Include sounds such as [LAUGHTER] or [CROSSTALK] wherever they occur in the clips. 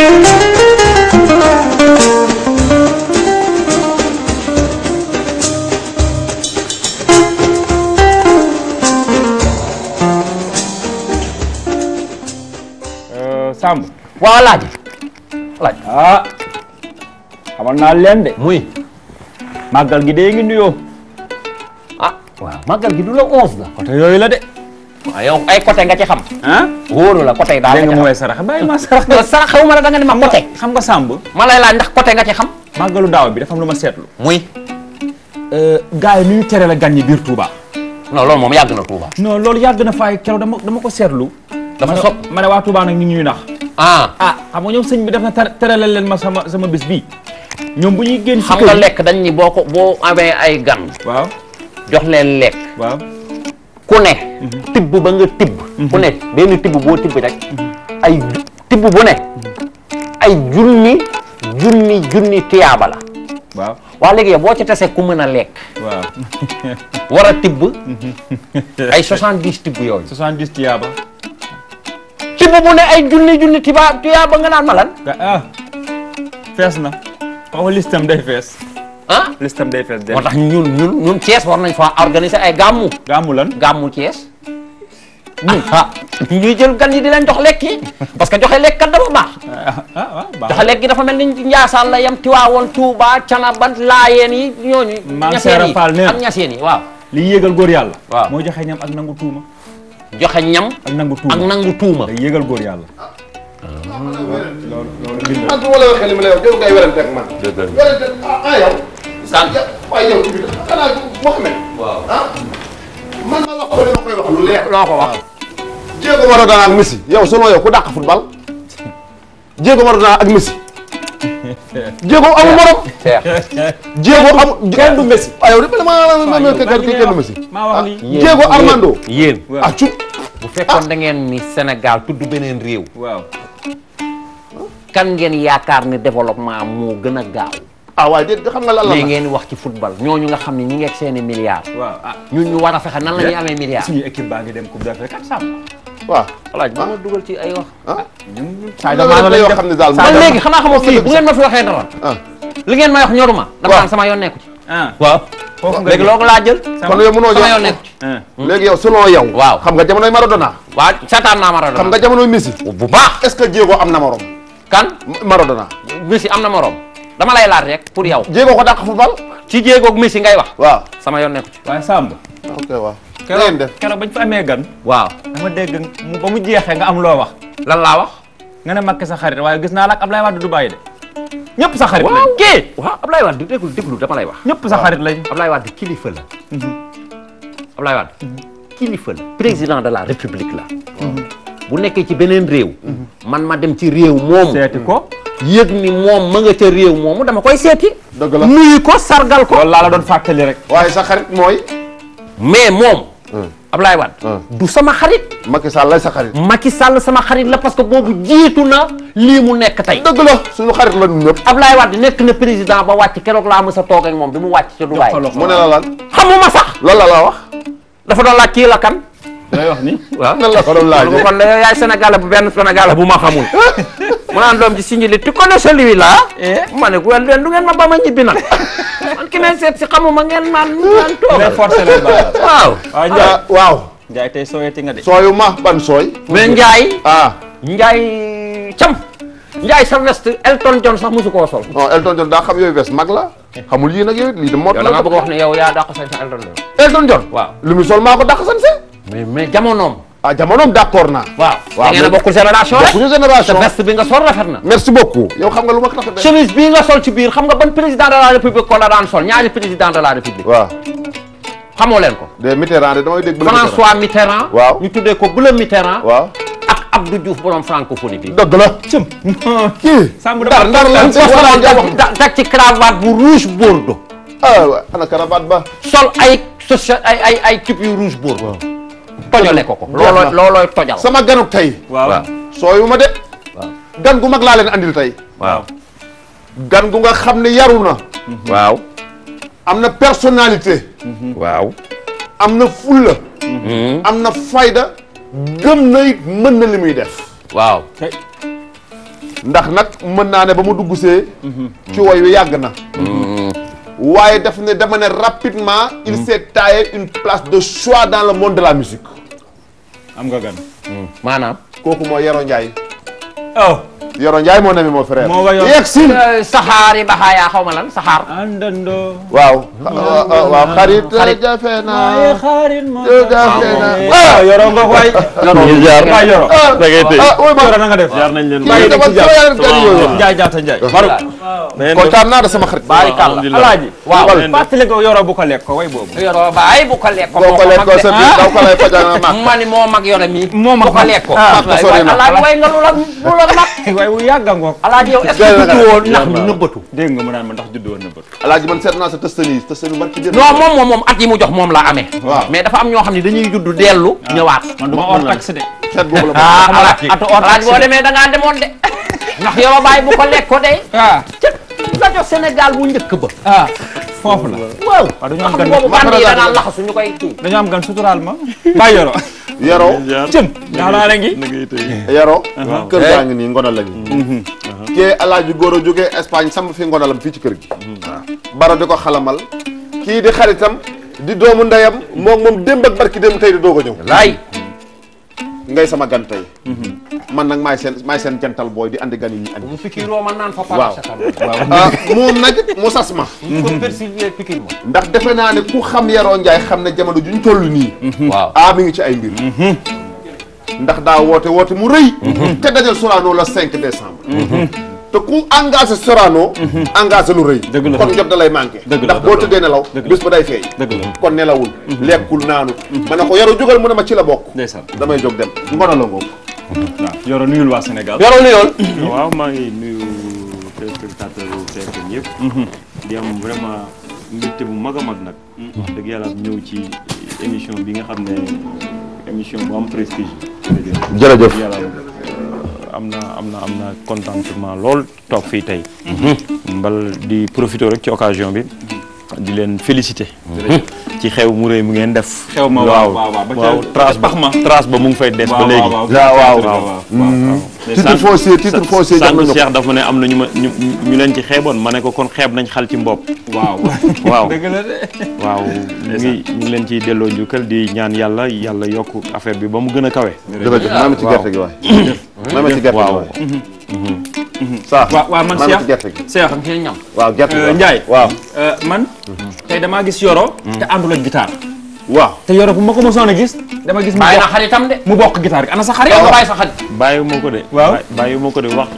Eh, Samb waaw laaj laaj ah naa leen de muy màggal gi de ngi nuyoo ah waaw màggal gi du la onze la côté yooyu la de waaw yow ay côté nga ci xam. ah wóoru la côté daal nga ci sarax bàyyi ma sarax. [LAUGHS] sarax xaw ma la da nga ne ma côté. xam nga Samb. ma lay laaj ndax côté nga ci xam. màggalu daaw bi dafa am ma seetlu. muy. Euh, gars yi nu ñu tere gan yi biir Touba. non moom yàgg na Touba. non loolu yàgg na faay keroog dama dama ko seetlu. dafa soog ma ne waa Touba nag ñu ñuy nax. ah, ah xam nga ñoom sëñ bi daf na teralal leen ma sama sama bis bii. ñoom bu ñuy génn. xam nga lekk dañ ni boo ko boo amee ay gan. waaw jox leen lekk. waaw ku ne tibb ba nga tibb ku ne benn tibb boo tibb rek ay tibb bu ne ay junni junni junni tiyaaba la waaw waaw léegi yow boo ci tasee ku mën a lekk. waaw [LAUGHS] war a tibb. ay soixante dix tibb yooyu. soixante dix tiyaaba. tibb bu ne ay junni junni tiba tiyaaba nga naan ma lan. ah fees na xaw listam day fees. ah listam day fees moo tax ñun ñun ñun Thiès war nañ fa organiser ay gàmmu gàmmu lan gàmmu Thiès ah ñuy jël gan yi di leen jox lekk yi parce que joxe lekk kat dafa baax joxe lekk dafa mel ni Njaasaan la yam Tiwaawoon Tuuba Canaba Laayeen yi ñooñu ñaseen yi ak ñaseen yi waaw li yéegal góor yàlla waaw mooy joxe ñam ak nangu tuuma joxe ñam ak nangu tuuma ak nangu yéegal góor yàlla sànq waaye yow tamit xanaa Mouhamed. waaw ah man ma wax Messi yow selon yow ku amul morom. [LAUGHS] Diego amul kenn du ah, ah, Armando. yéen ah cu. bu fekkoon da ngeen ni Sénégal tudd beneen réew. waaw. kan ngeen yaakaar ni développement mu gën a gaaw. ah waaye déet xam nga lan la. léegi ngeen wax ci football ñooñu nga xam ne ñi ngi ak seen i milliards. waaw ah ñun ñu war a fexe nan la ñuy amee milliards. suñu équipe baa ngi dem coupe d'Afrique ak Samba. waaw alaaj ma ah. dugal ci ay wax. ah, ah ñun Sadio Mané lañ xam ne daal moom léegi xanaa xamoo fii bu ngeen ma fi waxee dara. Ah. li ngeen may wax ñoruma. waaw dama naan sama yoon nekku ci. waaw. foofu nga léegi loolu laa jël. kon yow mënoo yoon nekku ci. Hmm. léegi yow selon yow. waaw xam nga jamonoy Maradona. waaw seetaan naa Maradona. xam nga jamonoy Messi. bu baax est-ce que Diego am na morom. kan Maradona. Messi am na morom. dama lay laaj rek pour yow. jéego ko dàq football. ci jéegoog Messi ngay wax. waaw sama yoon nekku ci. waaye Samb. ok waaw. ngeen def keroog bañ fa amee gan. waaw dama dégg mu ba mu jeexee nga am loo wax. lan laa wax. nga ne Macky sa waaye gis naa la ak Ablaye Wade du bàyyi de. ñëpp sa xarit lañ kii waaw Ablaye Wade déglu dama lay wax. ñëpp sa xarit lañ. Ablaye Wade kilifa la. Mhm. Ablaye Wade. Mhm. kilifa la président de la république la. Mhm. bu nekkee ci beneen réew. man ma dem ci réew moomu. ko. yëg ni moom ma nga ca réew moomu dama koy seeti. dëgg la ko sargal ko. loolu laa la doon fàttali rek. waaye sa xarit mooy. mais moom. Hmm. Ablaye Wade. Hmm. du sama xarit. Macky Sall lay sa xarit. Macky Sall sama xarit la parce que boobu jiitu na lii mu nekk tey. dëgg la suñu xarit la ñun ñëpp. Ablaye Wade nekk na président ba wàcc keroog laa sa a toog ak moom bi mu wàcc ca Dubaay. mu ne la lan sax. loolu la la wax. dafa doon laaj kii la kan. looy wax ni waaw nan la ko doon laaj kon la yaay Sénégal bu bu ma xamul [LAUGHS] mu naan doom ci si eh? ma ne ko leen du ngeen ba ma ñibbi nag man [LAUGHS] ki seet si xamuma ngeen maan maan [LAUGHS] toog mais forcé leen ba waaw ah. waaw Ndiaye tey sooyati nga de sooyu ma ban sooy mais Ndiaye ah Ndiaye cam Ndiaye sa veste Elton John sax mosu koo sol non Elton John daa xam mag la xamul yii nag yooyu lii de mot la a wax ne yow yaa dàq sañ sa Elton John lu mu maa ko dàq sañ mais mais jamonoom. ah d' accord naa. waaw waaw ngeen a bokkul génération rek bokkuñu génération te veste bi nga sol rafet na. merci beaucoup yow xam xam nga ban président ko de la république. waaw. xamoo leen ko. de Mitterrand de damay dégg. bu la Mitterrand François Mitterrand. waaw ko bu la Mitterrand. waaw ak Abdou Diouf borom francophonie bi. dëgg la. cëm kii. sàmm ah, ba. sol ay social ay ay tojale ko ko looloo loolooy tojal sama ganuk tey waaw sooyu ma de gan gu mag laa leen andil tey waaw gan gu nga xam ne yaru na mhm. waaw am na personnalité mhm. waaw am na fulla mhm. fayda gëm na it mën na li muy def waaw ndax nag mën naa ne ba mu dugg see ci woy wi yàgg na waaye daf ne dama ne rapidement il s'est taillé une place de choix dans le monde de la musique am nga gan. Hmm. maanaam. kooku mooy Yoro Ndiaye. oh. Yoro Ndiaye moo nami moo frère. moo wa yegg si. saxaar yi baxaa yaa xaw ma lan saxaar. àndandoo. Eh, eh, waaw. waaw xarit. Ah! xarit jafe naa xarit moo jafe naa. Yoro nga waay. Yoro ñu jaar waay Yoro. Ah! da ngay téye ah, Yoro na nga def. jaar nañ leen bàyyi dama dama yaa def gari yooyu. Njaay jaata Njaay. Marok. kontaan naa de sama xarit. baari kàlla alaaji. waaw fàttali ko Yoro bu ko lekk ko way boobu. Yoro baay bu ko lekk ko. boo ko lekk ko sa biir daw ko lay fajana mag. ma ni moo mag Yoro mi. moo mag bu ko lekk ko. waaw waaw waaw alaaji way nga lu la lu la mag. waaye wu yàgg a ngoog. alaaji yow est-ce que juddu woon ndax nëbbatu. dégg nga mu naan ma ndax juddu woon nëbbatu. alaaji man seet naa sa testani testani man ci. non moom moom moom at yi mu jox moom la amee. waaw mais dafa am ñoo xam ne dañuy juddu dellu. Ah. ñëwaat man du ma or taxe de. seet boobu la [LAUGHS] ah alaaji atu or taxe boo demee da ngaa demoon de. ndax yow a bàyyi bu ko lekk ko de. waaw ah. ca rajo Sénégal bu njëkk ba. Ah. foofu la waaw dañoo am gan boobu da daan laxasu ñu koy kii dañoo am gan suturaal ma bàyyi yoro yoro cëm ndax laa la ngi yoro kër eh. gaa ngi nii ngonal la ngi mm-hmm. uh-huh. kee alaaji góor a jógee Espagne samb fi ngonalam fii ci kër gi mm-hmm. bara di ko xalamal kii di xaritam di doomu ndeyam moom moom démb ak barki démb tey di doog ñëw laay ngay sama gan man nag maay seen maay seen jantal booy di andi gan yi ñu andi. bu pikiroo man naan fa waaw ah, moom nag mu sas ma. pikir ma. ndax defe naa ne ku xam Yoro Ndiaye xam ne jamono juñ toll nii. waaw ah mi ngi ci ay mbir. ndax daa woote woote mu rey mhm. te dajal Sorano la 5 décembre. Mhm. te ku engagé Sorano. Mhm. engagé lu rëy. dëgg la kon jot da dalay manqué. ndax boo tëddee nelaw. dëgg bis ba day feey. kon nelawul. Mhm. lekkul naanu. Mhm. ma ne ko yaru jógal mu ne ma ci la bokk. ndeysaan damay jóg dem ngona la ngoog. waaw Yoro nuyul waa senegal Yoro nuyul. waa maa ngi nuyu téléspectateur TFM yëpp. di am vraiment mbégte bu mag a mag nag. wax dëgg yàlla ñëw ci émission bi nga xam ne émission bu am prestige. jërëjëf jërëjëf. am na am na am na contentement lool toog fii tey. Mhm. mbal di profité rek ci occasion bi. di leen félicité. ci xew mu rëy mu ngeen def. xew ma waaw waaw trace ba trace ba mu ngi fay des. ba léegi waaw waaw waaw. Mhm. titre foncier titre foncier jàpp nañu ko Cheikh dafa ne am na ñu ma ñu ñu leen ci xeeboon ma ne ko kon xeeb nañ xal ci mbopp. waaw waaw waaw ñu ngi leen ci delloo njukkal di ñaan yàlla yàlla yokk affaire bi ba mu gën a kawe. dëgg la ci gerte gi waay. saa waaw waaw man Cheikh Cheikh waaw gerte euh, Ndiaye waaw euh, man tey damaa gis Yoro te àndul la guitare waaw te Yoro bu ma ko mosoon a gis dama gis bàyyi na xaritam de mu bokk guitare ana sa xarit bàyyi sa xarit ko de waaw bàyyi ma ko de wax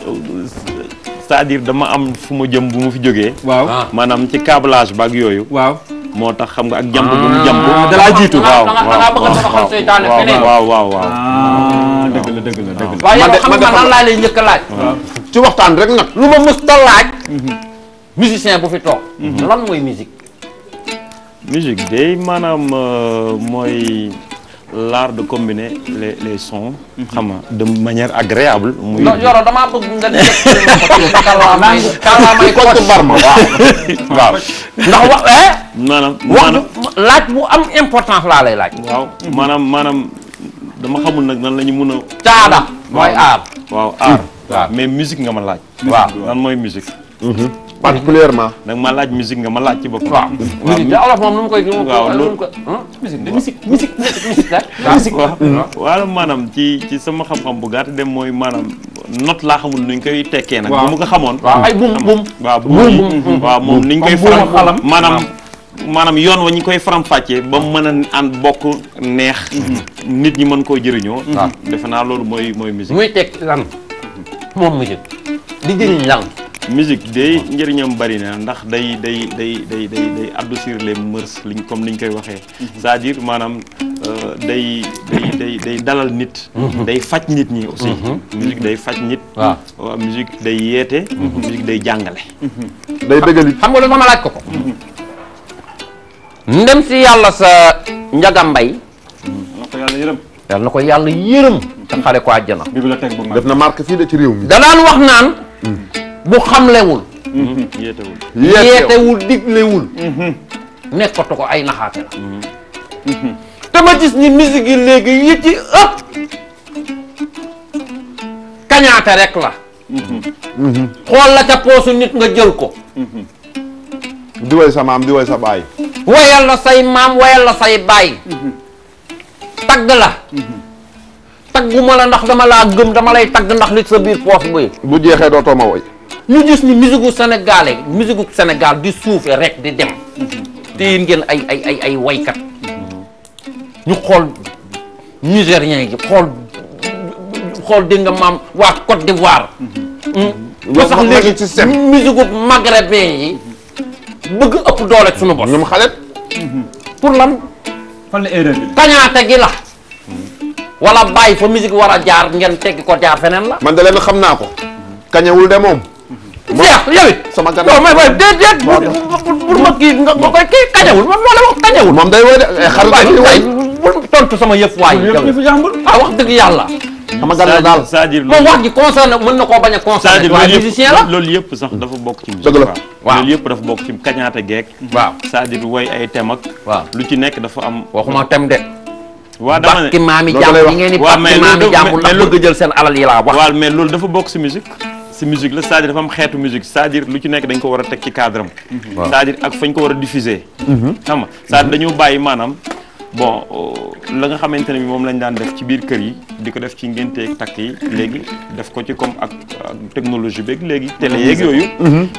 cest à dama am fu ma jëm bu mu fi jógee waaw ah. maanaam ci câblage baak yooyu waaw moo tax xam nga ak jàmb bu mu ah. jàmb ah, dalaa jiitu waaw waaw dëgg la dëgg la la waaye ta laaj mhm. musicien bu fi toog mhm. lan mooy musique maanaam euh, mooy l'art de combiner les les sons. Mhm. xam nga de manière agréable. muy nga def. kàllaama yi kàllaama yi [LAUGHS] waaw. ndax wax. maanaam maanaam laaj bu am importance laa lay laaj. maanaam maanaam. dama xamul nag nan la ñu mun a. caada mooy aar. waaw aar. mais musique nga ma laaj. waaw mooy musique. Mhm. particulièrement. nag ma laaj musique nga ma laaj ci boppam. waaw musique te olof moom nu mu koy. waaw loolu hmm? musique maanaam ci ci sama xam-xam bu gàtt dem mooy maanaam not laa xamul nuñ koy tekkee nag. waaw bu mu ko xamoon. ay bum bum. waaw bum waaw moom koy faral maanaam. maanaam yoon wa ñu koy faram-fàccee ba mën a ànd bokk neex. Mhm. nit ñi mën koo jëriñoo. Mhm. Ah. defe naa loolu mooy mooy musique. muy teg lan moom musique di jëriñ lan. day njëriñam bari na ndax day day day day day day adoucir les mœurs liñ comme niñ koy waxee. Mhm. c'est-à-dire maanaam euh, day day day dalal nit. day faj nit ñi aussi. day faj nit. Ah. waa musique day yeete. musique day jàngale. day bëggal xam nga lu laaj ko ko. ndem si yàlla sa njaga mbay yàlla na ko yàlla yërëm te xare ko àjjana def na marque fii ci réew mi da daan wax naan mm. bu xamlewul mm-hmm. yeetewul diglewul mm-hmm. nekkatu ko ay naxaate la mm-hmm. te ma gis ni musique yi léegi yi ci ëpp kañaate rek la xool la ca poosu nit nga jël ko di way sa maam di way sa baay. wayal la say maam wayal la say baay. tagg la. tagguma la ndax dama la gëm dama lay tagg ndax li sa biir poos buy. bu jeexee dootoo ma woy. ñu gis ni musique gu Sénégalais senegal gu di suufe rek di dem. te yéen ngeen ay ay ay ay waykat. ñu xool nigérien yi xool xool dégg nga maam waa Côte d'Ivoire. Hmm? ba sax léegi yi. bëgg ëpp doole ak sunu bos. ñoom xale. pour lan. fan la erreur bi kañaate gi la. wala bàyyi fa musique war a jaar ngeen teggi ko jaar feneen la. man de leen xam naa ko. kañewul de moom. jeex yow it. sama gànnaaw non mais mais déedéet. bu ma kii nga koy kii kañewul man moo la wax day woy de eh, xarit day woy. tontu sama yëf waay. yow ah wax dëgg yàlla. xam nga daal moom wax ji concerné mën na koo a concerné waaye musicien loolu yëpp sax dafa bokk ci musique dëgg la waaw dafa bokk ci kañaate geek waaw c'est-à-dire woy waaw lu ci nekk dafa am waxuma thème de waa dama ne bakki maami jàmm yi ngeen di bakki maami jàmm ndax bëgg jël seen alal yi laa wax waaw loolu dafa bokk si musique si dafa am xeetu musique saa dire lu ci nekk dañ ko war a teg ci cadre am dire ak fañ ko war a diffuser mhm. xam nga c'est-à-dire dañoo bàyyi maanaam bon euh, la nga xamante ne bi moom lañ daan def ci biir kër yi di ko def ci ngénte takk yi léegi def ko ci comme ak technologie beeg léegi télé yeeg yooyu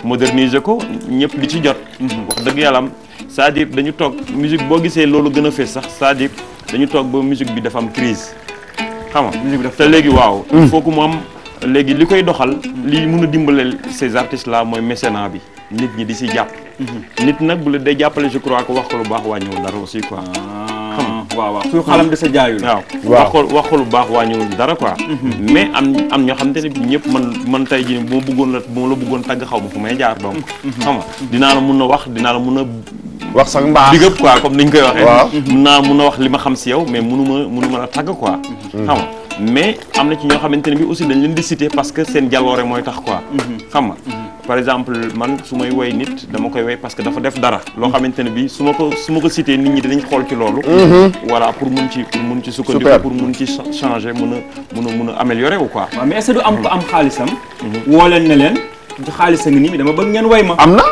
moderniser ko mhm. ñëpp di ci jot mhm. wax dëgg yàlla am c'est-à-dire dañu toog musique boo gisee loolu gën a fees sax cest à dañu toog ba musique bi dafa am crise xam nga te léegi waaw mhm. il faut que mu am léegi li koy doxal li mun a dimbaleel ces artistes là mooy mécénat bi nit ñi di si jàpp nit nag bu la day jàppale je crois que wax ko lu baax wàññiwul dara waaw waaw kuy xalam di sa jaayul. waaw wax waxul bu baax waa wàññiwul dara quoi. Mhm. mais am am ñoo xamante ne bi ñëpp man man tey jii bu ma bëggoon la bu la bëggoon tàgg xaw ma fu may jaar donc. Mhm. Mhm. xam nga dinaa la mun a wax dinaa la mun a. wax sax mbaax digëb quoi comme ni ñu koy waxee. waaw mun naa mun a wax li ma xam si yow mais munu ma munu ma la tàgg quoi. xam nga. mais am na ci ñoo xamante ne bi aussi dañ leen di citer parce que seen jaloore mooy tax quoi. xam nga. par exemple man su may woy nit dama koy woy parce que dafa def dara loo xamante ne bi su ma ko su ma ko cité nit ñi dinañ xool ci loolu mhm. voilà pour mun ci pour mun ci sukkandiku pour mun ci changer mun a mun a mun a améliorer wu quoi waaw mais est-ce que du am ko am xaalisam mhm. woo leen ne leen xaalis a ngi nii mi dama bëgg ngeen woy ma am na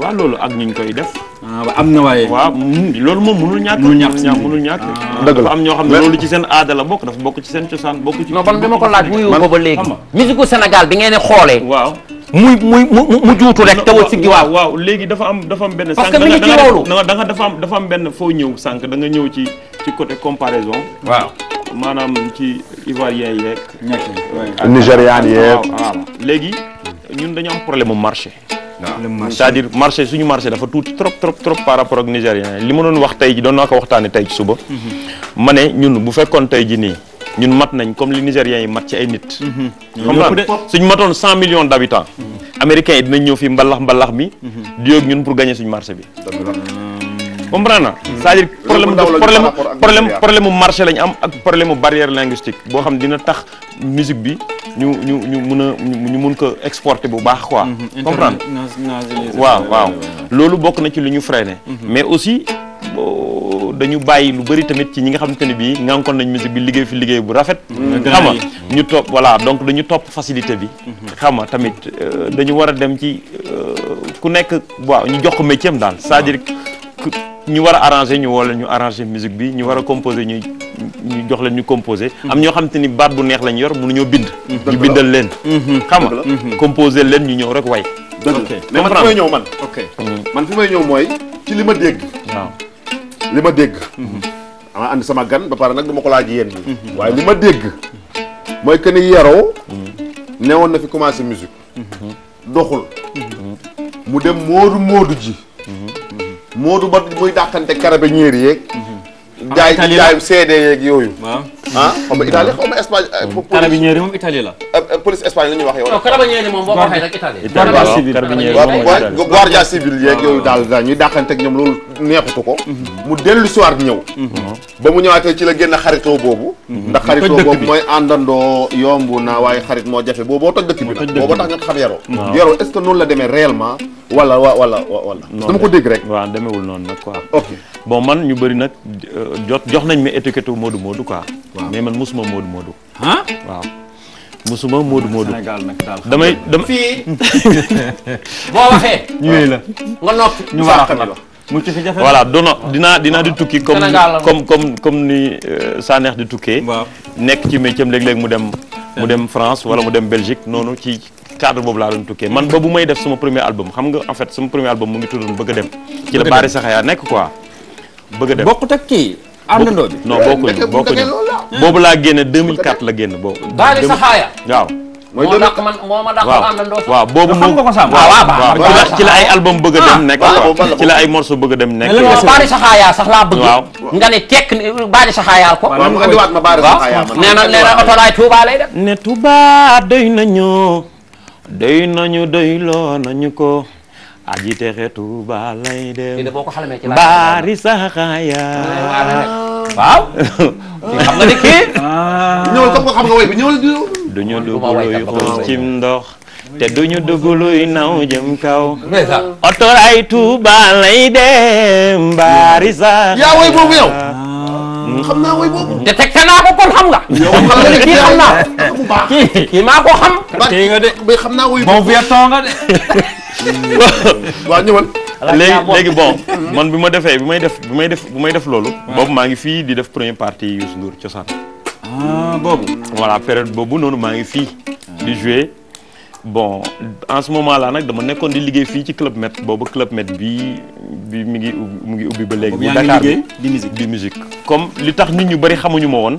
waaw loolu ak ñu koy def ah, waaw am na waaye. waaw mm, loolu moom mënul ñàkk. mënul ñàkk mënul ñàkk. Ah. dëgg la am ñoo xam ne loolu ci seen aada la bokk dafa bokk ci seen cosaan bokk ci. non ban bi ma ko laaj wuyu ko ba léegi. musique gu Sénégal bi ngeen di xoolee. waaw muy muy mu mu juutu rek tawul si giwaaw waaw léegi dafa am dafa am benn. parce que mi nga dafa am dafa am benn foo ñëw sànq da nga ñëw ci ci côté comparaison. waaw maanaam ci ivoirien yeeg. ñekk nigérian yeeg waaw léegi ñun dañu am problème mu marché. waaw c'est-à-dire marché suñu marché dafa tuuti trop trop trop par rapport ak nigérien li ma doon wax tey ji doon naa ko waxtaanee tey ci suba. Mhm. ma ne ñun bu fekkoon tey ji nii. ñun mat nañ comme li Nigériens yi mat ci ay nit. xam mhm. nga suñ matoon cent millions d' habitants. Mhm. américains yi dinañ ñëw fii mbalax mbalax mi. Mhm. di yóg ñun pour gagner suñu marché bi. comprendre na c'est-à-dire problème mu marché lañ am ak problème mu linguistique boo xam dina tax musique bi ñu ñu ñu mun a ñu mun ko exporter bu baax quoi comprendre waaw waaw loolu bokk na ci lu ñu freiné mais aussi Euh, dañu bàyyi lu bëri tamit ci ñi nga xamante ne bii ngànkoon nañ musique bi liggéey fi liggéey bu rafet mm-hmm. xam nga ñu topp voilà donc dañu topp facilité bi mm-hmm. xam nga tamit euh, dañu war a dem ci euh, ku nekk waaw ñu jox ko métier daal c'est-à-dire ñu war a arranger ñu woo ñu arranger musique bi ñu war a composer ñu ñu jox leen ñu composer am ñoo xam te ni baat bu neex lañ yor mënuñoo bind mm-hmm. ñu bindal leen xam nga composer leen ñu ñëw rek way ok mais man fi may ñëw mooy ci li ma dégg li ma dégg. a ànd sama gan ba pare nag du ma ko laaj yéen waaye li ma dégg mooy que ni yaroo. woon na fi commencé musique. doxul. mu dem moodu moodu ji. moodu ba muy dàqante karabe ñeer yeeg. jaay jaayum CD yeeg yooyu. waaw ah xaw ma Italie xaw ma Espagne. Eh, carabinieri moom Italie la. Eh, eh, police Espagne la ñuy wax yow. non carabinieri moom boo ko waxee rek Italie. guardia civil yeeg yooyu daal daal ñuy dàqanteeg ñoom loolu neexutu ko. Mhm. mu dellu soir ñëw. Mhm. ba mu ñëwaatee ci la génn xaritoo boobu. Mhm. ndax xaritoo boobu mooy àndandoo yomb na waaye xarit moo jafe booboo toj dëkk bi nag booboo tax nga xam yaroo. yaroo est-ce que noonu la demee réellement wala wala wala. dama ko dégg rek. waaw demewul noonu nag quoi. ok bon man ñu bëri nag euh, jot jox nañ ma étiquette modu Modou quoi. mais man mosuma Modou Modou. ah waaw. musuma Modou Modou Sénégal nag damay damay fii [LAUGHS] boo waxee. ñëwee nga noppi. a mu ci fi jafe voilà dinaa dinaa di tukki comme comme comme comme ni euh, Sanex di tukkee. nekk ci métier léeg-léeg mu dem mu dem France wala mu dem Belgique noonu ci cadre boobu laa doon tukkee man ba bu may def sama premier album xam nga en fait sama premier album mu ngi tuddoon bëgg a dem. ci la Bari Saxaya nekk quoi. bëgg a dem bokkut ak kii àndandoo boobu laa génne 2004 la génn boobu daali saxaaya waaw ci la ci la ay album bëgg a dem ah, nekk ci la ay morceau bëgg a dem nekk baari saxaayaa sax laa bëgg waaw nga ne tekk baari saxaayaal ko waaw nga diwaat ma baari saxaayaa man nee na nee na oto laay Touba lay dem ne Touba doy nañu doy nañu doy loo nañu ko aji texe Tuuba lay dem mbaari saxaaya waaw xam nga ni kii ñëwal comme nga cim ndox te duñu dugg luy naw jëm kaw otoraay Tuuba lay dem mbaari saxaaya woy boobu yow xam naa way boobu. détecté naa ko kon xam nga. yow xam xam naa bu [LAUGHS] baax kii kii maa ko xam. kii nga de mais xam naa way de. [LAUGHS] léegi bon man bi ma defee bi may def bi may def bi may def loolu. Ah. boobu maa ngi fii di def première parti Youssou Ndour cosaan. ah boobu. voilà période boobu noonu maa ngi fii di jouer. bon en ce moment laa nag dama nekkoon di liggéey fii ci Club Med boobu Club Med bi bi ngi mu ngi ubbi ba léegi. bu Dakar bi di musique di musique comme li tax nit ñu bari xamuñu ma woon.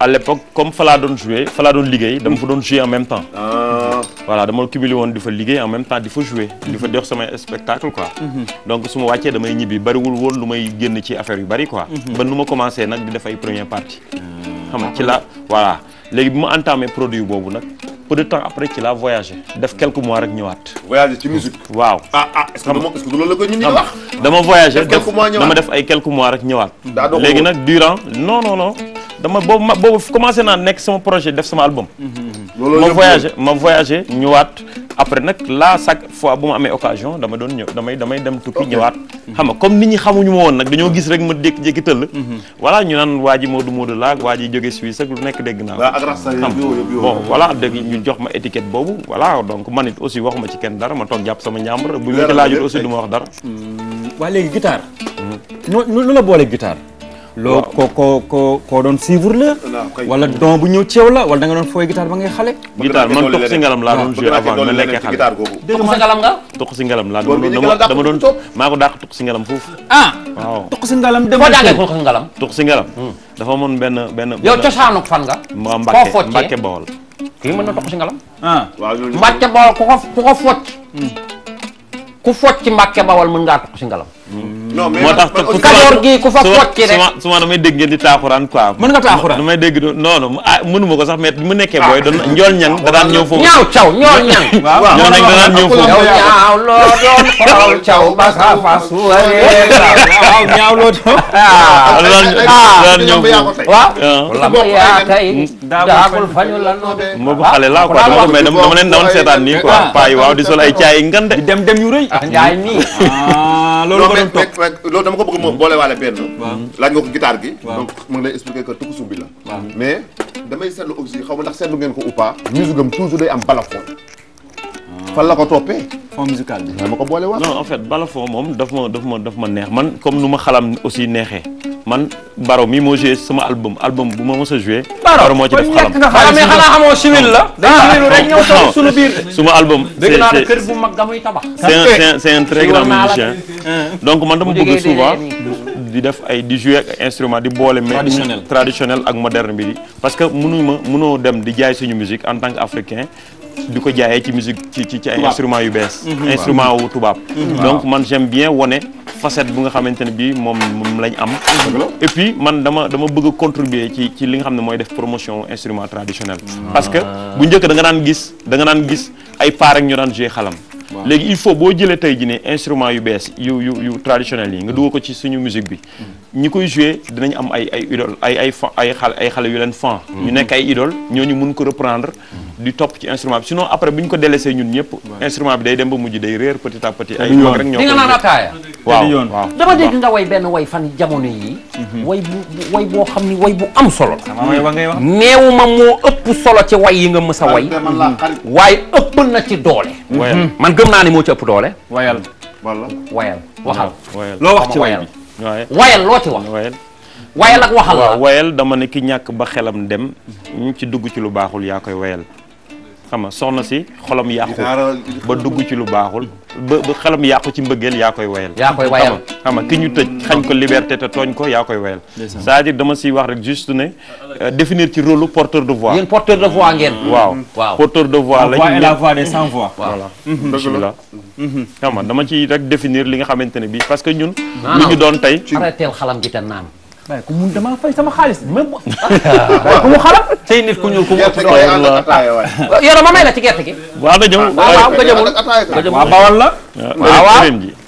à l'époque comme fa laa doon joué fa doon liggéey dama fa doon joué en temps. Ah. voilà dama cumulé woon di fa liggéey en même temps di fa joué. di fa jox samay spectacle quoi. Mhm. donc su wàccee damay ñibbi bariwul woon lu may génn ci affaire yu bari quoi. Mhm. ba nu ma commencé nag di def ay première partie. ci la voilà léegi bu ma entamé produit boobu nag. peu de temps après ci laa voyagé def quelques mois rek ñëwaat. voyagé waaw ah ah est la ko dama def ay quelques mois rek ñëwaat. léegi nag durant non non non boobu ma boobu commencé naa nekk sama projet def sama album. Mm-hmm. ma voyagé ma voyagé après nag laa chaque fois bu ma amee occasion dama doon damay damay dem tukki ñëwaat mhm. xam nga comme nit ñi xamuñu ma woon nag dañoo gis rek ma jékki-jékki tëll mhm. voilà ñu naan waa ji Modou Modou laa waa ji jóge Suisse ak nekk dégg naa xam bon voilà jox ma étiquette boobu voilà donc man it aussi waxuma ci kenn dara ma toog jàpp sama ñàmbur bu ñu ma ci laajul aussi du ma wax dara hmm. waa léegi guitare lu hmm. la boole guitare loo ko ko ko doon suivre la. wala don bu ñëw ci yow la wala da nga doon fooy guitare ba ngay xale. guitare man toq si ngalam laa doon joué avant ma si ngalam nga. toq si ngalam laa doon dama doon maa ko dàq toq si ngalam foofu. ah waaw toq si ngalam. foo jàngee toq si ngalam. si ngalam. Hmm. dafa amoon benn benn. yow cosaanu fan nga. ba Mbacke Mbacke Bawol. kii mën na toq si ngalam. ah waaw Mbacke Bawol ku ko ku ko focc. Hmm. ku focc Mbacke Bawol Mm. non mais moo tax kajoor gi ku fa kocc rek su ma damay dégg ngeen di taaxuraan quoi. mën nga taaxuraan damay dégg non non ah mënuma ko sax mais mu nekkee booy ah. doon njool ñang da daan ñëw foofu. ñaaw caw ñool ñang. [LAUGHS] waaw ñool ñang da daan ñëw foofu. ñaaw loo doon xool caw ba sa fas waree. waaw ñaaw loo doon. ah daan ah. ñëw foofu waaw. Ah. lamb yaa tey mm. daagul fañu la noonu. moo bu xale laa quoi dama ko mais dama leen doon seetaan nii quoi paa yi waaw di sol ay caay ngande. di dem dem yu rëy. ah njaay nii. loolu doon toog loolu dama ko bëgg moom boole waale benn laaj nga ko guitare gi donc mu ngi lay expliquer que tukusum bi la mais damay seetlu aussi xaw ma ndax seetlu ngeen ko ou pas am toujours day am balafon fan la ko toppee fond musical bi ma ko boole waale non en fait balafon moom daf ma daf ma daf ma neex man comme nu ma xalam aussi neexee man Baro mii moo joué sama album album bu ma mos a joué. Baro moo ci def xalam xalam ah, mais xanaa xamoo simil la. Ah, day simil suma album dégg naa bu mag ga muy tabax. c'est un très grand musicien. donc man ma bëgg souvent di def ay di jouer ak instrument di boole. traditionnel traditionel ak moderne bi parce que munu ma mënoo dem di jaay suñu musique en tant que africain. di ko jaayee ci musique ci instrument yu bees mhm. instrument wu tubaab mhm. donc man j'aime bien wone facette bu nga xamante ne bii moom moom lañ am et puis man dama dama bëgg contribuer ci ci li nga xam ne mooy def promotion instrument traditionnel ah. parce que bu njëkk da nga gis da nga gis ay paar ak ñu daan joué xalam. léegi il faut boo jëlee tey ji ne instrument yu bees yu yu yu traditionnel yi nga mm. dugal ko ci suñu musique bi mm. ñi koy joué dinañ am ay ay idole ay ay ay xale ay xale yu leen fan mm. ñu nekk ay ñoo ñooñu mun ko reprendre di topp ci instrument bi sinon après bu ñu ko délaissé ñun ñëpp instrument bi day dem ba mujj day réer petit à petit ay mag rek ñoo di nga naan ataaya waaw waaw dégg nga way benn way fan jamono yi mhm. way boo xam ni way bu am solo la neewuma moo ëpp solo ci way yi nga mës a ëppoon na ci mhm. man gëm naa ni moo ci ëpp doole. wayal wala wayal waxal. loo wax ci wayal wayal loo ci wax. wayal ak waxal la wayal dama ne ki ñàkk ba xelam dem ci dugg ci lu baaxul yaa koy wayal xam nga soxna si xolam yàqu ba dugg ci lu baaxul. ba ba xelam yàqu ci mbëggeel yaa koy wayal yaa koy wayal xam nga ki ñu tëj xañ ko liberté te tooñ ko yaa koy wayal cest à dama siy wax rek juste ne euh, définir ci rôle porteur de voix yéen porteur de voix ngeen waaw porteur de voix lañ la voix des sans voix voilà bismillah xam dama ci rek définir li nga xamante ne bii parce que ñun lu ñu doon tey arrêteel xalam gi te naan waaye ku mun damaa fay sama xaalis même bu. [LAUGHS] waaye ku mu xalam. tey nit ku ñuul ku mu ëpp doole waaw yoroo ma may la ci gerte gi. waaw nga jëmul waaw nga jëmul waaw bawal la. waaw waaw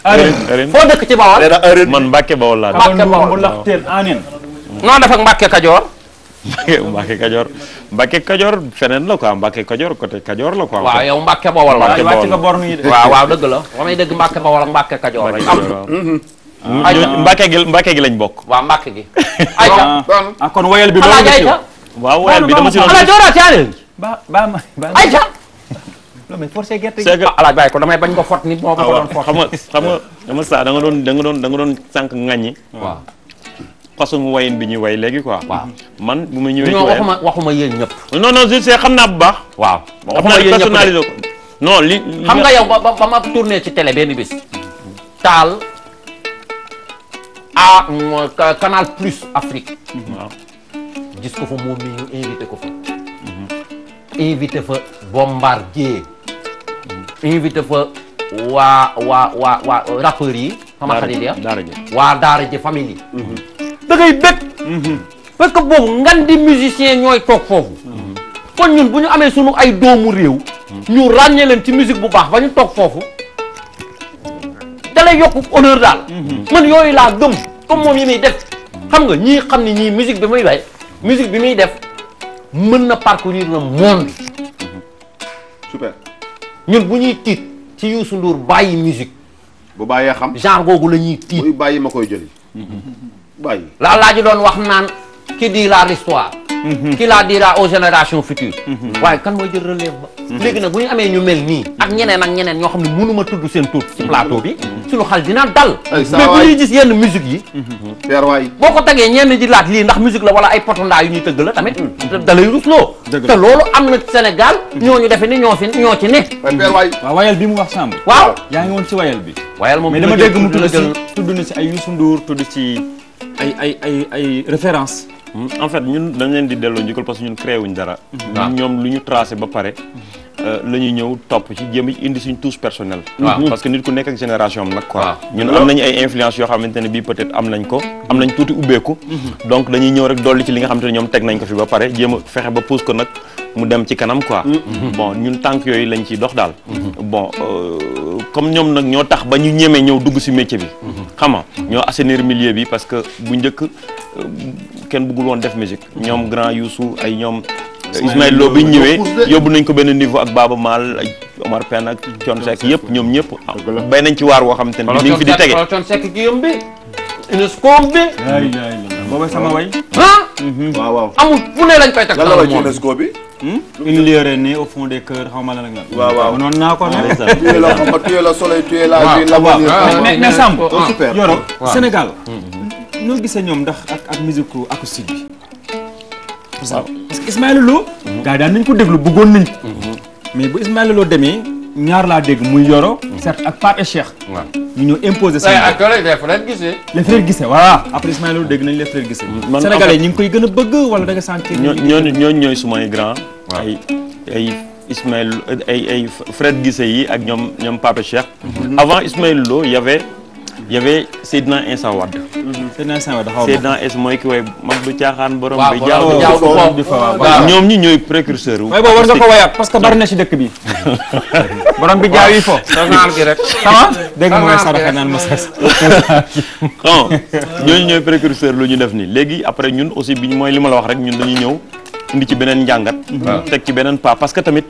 arène foo dëkk ci bawal. man Mbacke bawal laa. Mbacke bawal bu lax teel aaneen. noo def ak Mbacke Kajoor. Mbacke Kajoor Mbacke Kajoor feneen la quoi Mbacke Kajoor côté Kajoor la quoi. waaw yow Mbacke bawal la. Mbacke bawal waaw waaw dëgg la. waaw waaw dëgg la. waaw waaw dëgg Mbacke bawal ak Mbacke Kajoor Ah. Mbacke gi Mbacke gi lañ bokk. waaw Mbacke gi. ayca [LAUGHS] ah. ah kon woyal bi loolu la ci waaw woyal bi dama si doon ala joora ci ale ba ba ma ayca [LAUGHS] non ah, ko damay bañ ko fot ni moo doon fot xam nga xam nga doon da doon da nga doon sànq ŋàññi waaw façon wayin bi ñuy way léegi quoi waaw man bu ma ñëwee ci waxuma waxuma yéen ñëpp xam naa bu baax waaw xam naa personnalisé ko non li xam nga yow ba ma tourné ci télé benn bis taal ah Canal Plus Afrique. waaw gis ko fa moom mi ñu invité ko fa. Mhm. invité fa Bombardier. invité fa waa waa waa waa euh, rappeurs yi. sama xarit ya waa Daara J famille. Mhm. da ngay bëgg. Mhm. parce que boobu ngan di musicien ñooy toog foofu. kon ñun bu ñu amee sunu ay doomu réew. ñu ràññee leen ci musique bu baax ba ñu toog foofu. dalay yokk honneur daal mhm. man yooyu laa gëm comme moom yi muy def xam nga ñii xam ne ñii musique bi muy bay musique bi muy def mën na parcourir le monde mhm. super ñun bu ñuy tiit ci Youssou Ndour bàyyi musique bu bàyyee xam genre googu la ñuy tiit bàyyi ma koy jëli mhm. bàyyi laa laa ji wax naan qui dira l'histoire mhm. qui la dira aux générations futures mhm. waaye kan mooy jël relève ba mhm. léegi nag bu ñu amee ñu mel nii ak ñeneen ak ñeneen ñoo xam ne mënuma tudd seen tuut ci plateau bi suñu xel dina dal mais bu ñuy gis yenn musique yi waay boo ko tegee ñenn ji laat lii ndax musique la wala ay potondaa yu ñuy tëgg la tamit dalay rusloo te loolu am na Sénégal ñooñu defe ni ñoo fi ci ne waaw wayal bi mu wax Samb waaw yaa ngi woon ci wayal bi wayal moom mais dama dégg ay Youssou Ndour tudd Hmm, en fait ñun dañ leen di delloo njukkal parce que ñun créé wuñ dara. waaw ñoom lu ñu tracé ba pare. Euh, la ñëw topp ci jéem ci indi suñ touche personnel parce que nit ku nekk ak génération am nag quoi ñun am nañu ay influence yoo xamante ne bii peut-être am nañ ko am nañ tuuti ubbeeku mhm. donc dañuy ñëw rek dolli ci li nga xamante ne ñoom teg nañ ko fi ba pare jéem a fexe ba pousse ko nag mu dem ci kanam quoi. Mm. bon ñun tànk yooyu lañ ciy dox daal. Mm-hmm. bon euh, comme ñoom nag ñoo tax ba ñu ñemee ñëw dugg si métier bi. Mm-hmm. xam nga ñoo assainir milieu bi parce que bu njëkk euh, kenn bëggul woon def musique. Mm-hmm. ñoom grand Youssou ay ñoom. Ismaël Lo bi ñëwee yóbbu nañ ko benn niveau ak Baaba Maal ay Omar Pène ak Thione Seck yëpp ñoom ñëpp. Ah, bay nañ ci waar woo xam te ne bi ñu fi di tege. Thione Seck boobu sama way. Mhm. waaw waaw amul fu ne lañ koy teg. lan la way ci UNESCO bi. Hmm? Hmm? une lierre des cœurs ma la nga. waaw waaw noonu naa ko ah, ne. tu es la xomba soleil tu es la la ah, mais Samb. Oh, ah, super Sénégal. Hmm, noo gisee ñoom ndax ak ak musique acoustique bi. parce que Ismaël Lo. gars yi daan nañ ko déglu bëggoon nañ ko. mais bu Ismaël Lo demee. ñaar laa dégg muy Yoro. Mm. certes ak Pape et Cheikh. waaw ñu ñëw imposer. seen eh, ak Yoro les frères Guissé. les frères Guissé voilà après Ismaël dégg nañ les frères Guissé. man Sénégalais ñi ngi koy gën bëgg wala da nga sentir. ñooñu ñooñu ñooy sumay grand. ay ay Ismaël ay ay frères Guissé yi ak ñoom ñoom Pape et Cheikh. Mm-hmm. avant Ismaël Lo y avait. y avait Seydina Insa Wade. Mhm. Seydina Insa Wade xaw ma Seydina Insa mooy ki way mag du caaxaan borom. bi jaaw du ñoom ñi ñooy précurseur wu. mooy boobu war nga ko wayaat parce que bari si dëkk bi. [LAUGHS] borom bi jaaw yi fo. soxnaal gi rek. sama dégg nga mooy ma sas. [LAUGHS] bon ñooñu ñooy précurseur lu ñu def nii léegi après ñun aussi bi mooy li ma la wax rek ñun dañuy ñëw indi ci beneen njàngat. Mhm. teg ci beneen pas parce que tamit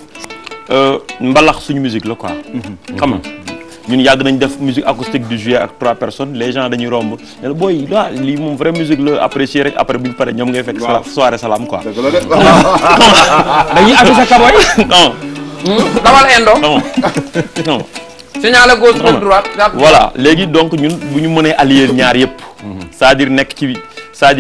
euh, mbalax suñu musique la quoi. Mhm. xam nga. ñun yàgg nañ def musique acoustique du juillet ak trois personnes les gens dañuy romb ne la booy waaw lii moom vraie musique la apprécier rek après bu ñu paree ñoom ngay soirée salaam quoi. la de [LAUGHS] dañuy [LAUGHS] hmm? [LAUGHS] léegi donc ñun bu ñu mënee allier ñaar yëpp. Mhm. cest nekk ci cest à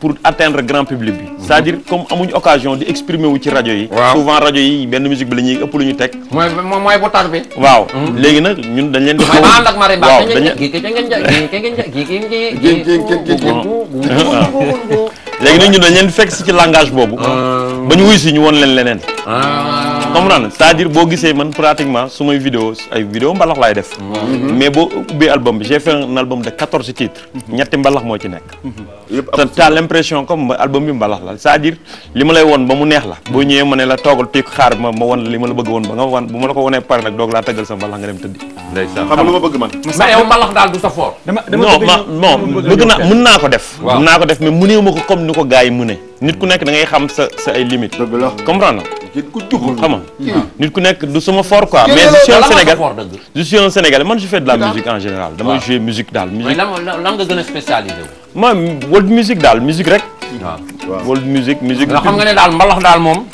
pour atteindre grand public bi c'est-à-dire comme amuñu occasion di exprimer wu ci rajo yi souvent rajo yi benn musique bi la ñuy ëpp lu ñu teg mooy bu tar bi waaw léegi nag ñun dañ leen di waaw dañ leen waaw léegi nag ñun dañ leen fekk si ci langage boobu ba ñu wuy si ñu woon leen leneen comprendre cest à boo gisee man pratiquement su may vidéo ay vidéo mbalax laay def mhm. mais boo ubbee album bi j'ai fait un album de quatorze titres mhm. ñetti mbalax moo ci nekk mhm. te t'as l'impression comme album bi mbalax la c'est-à-dire li ma lay woon ba mu neex la boo ñëwee ma ne la toogal tiik xaar ma ma la bëgg woon ba nga wan bu ma la ko wanee pare nag doog laa tëggal sa mbalax nga dem tëddi ndeysaan xam naa ko def mën naa ko def mais mëneewu ma ko comme ni ko gars yi mëne nit ku nekk da ngay xam sa sa ay limite comprendre xam nga hmm. Hmm. nit ku nekk du sama fort quoi mais je suis un Sénégal je suis un Sénégalais man je fais de la musique en général damay jouer musique daal musique lan nga gën a spécialisé wu ma world music daal musique rek waaw world music musique xam nga ne daal mbalax daal moom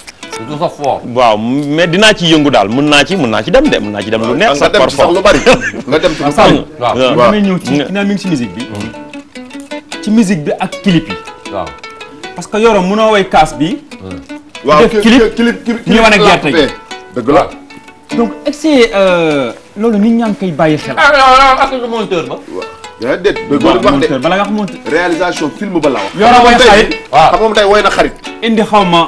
du sa fort waaw mais dinaa ci yëngu daal mën naa ci mën naa ci dem de mën naa ci dem lu neex sax par fort nga dem ci sax lu bari waaw damay ñëw ci dinaa mi ngi ci musique bi ci musique bi ak clip yi waaw parce que yoro mënoo way kaas bi hmm. waaw clip clip ñu wane gerte gi dëgg la donc exe loolu nit ñaa ngi koy bàyyi xel ak monteur ba déet déet boo wax de bala nga xam monteur réalisation film ba la wax yoro way xarit xam moom tey woy na xarit indi xaw ma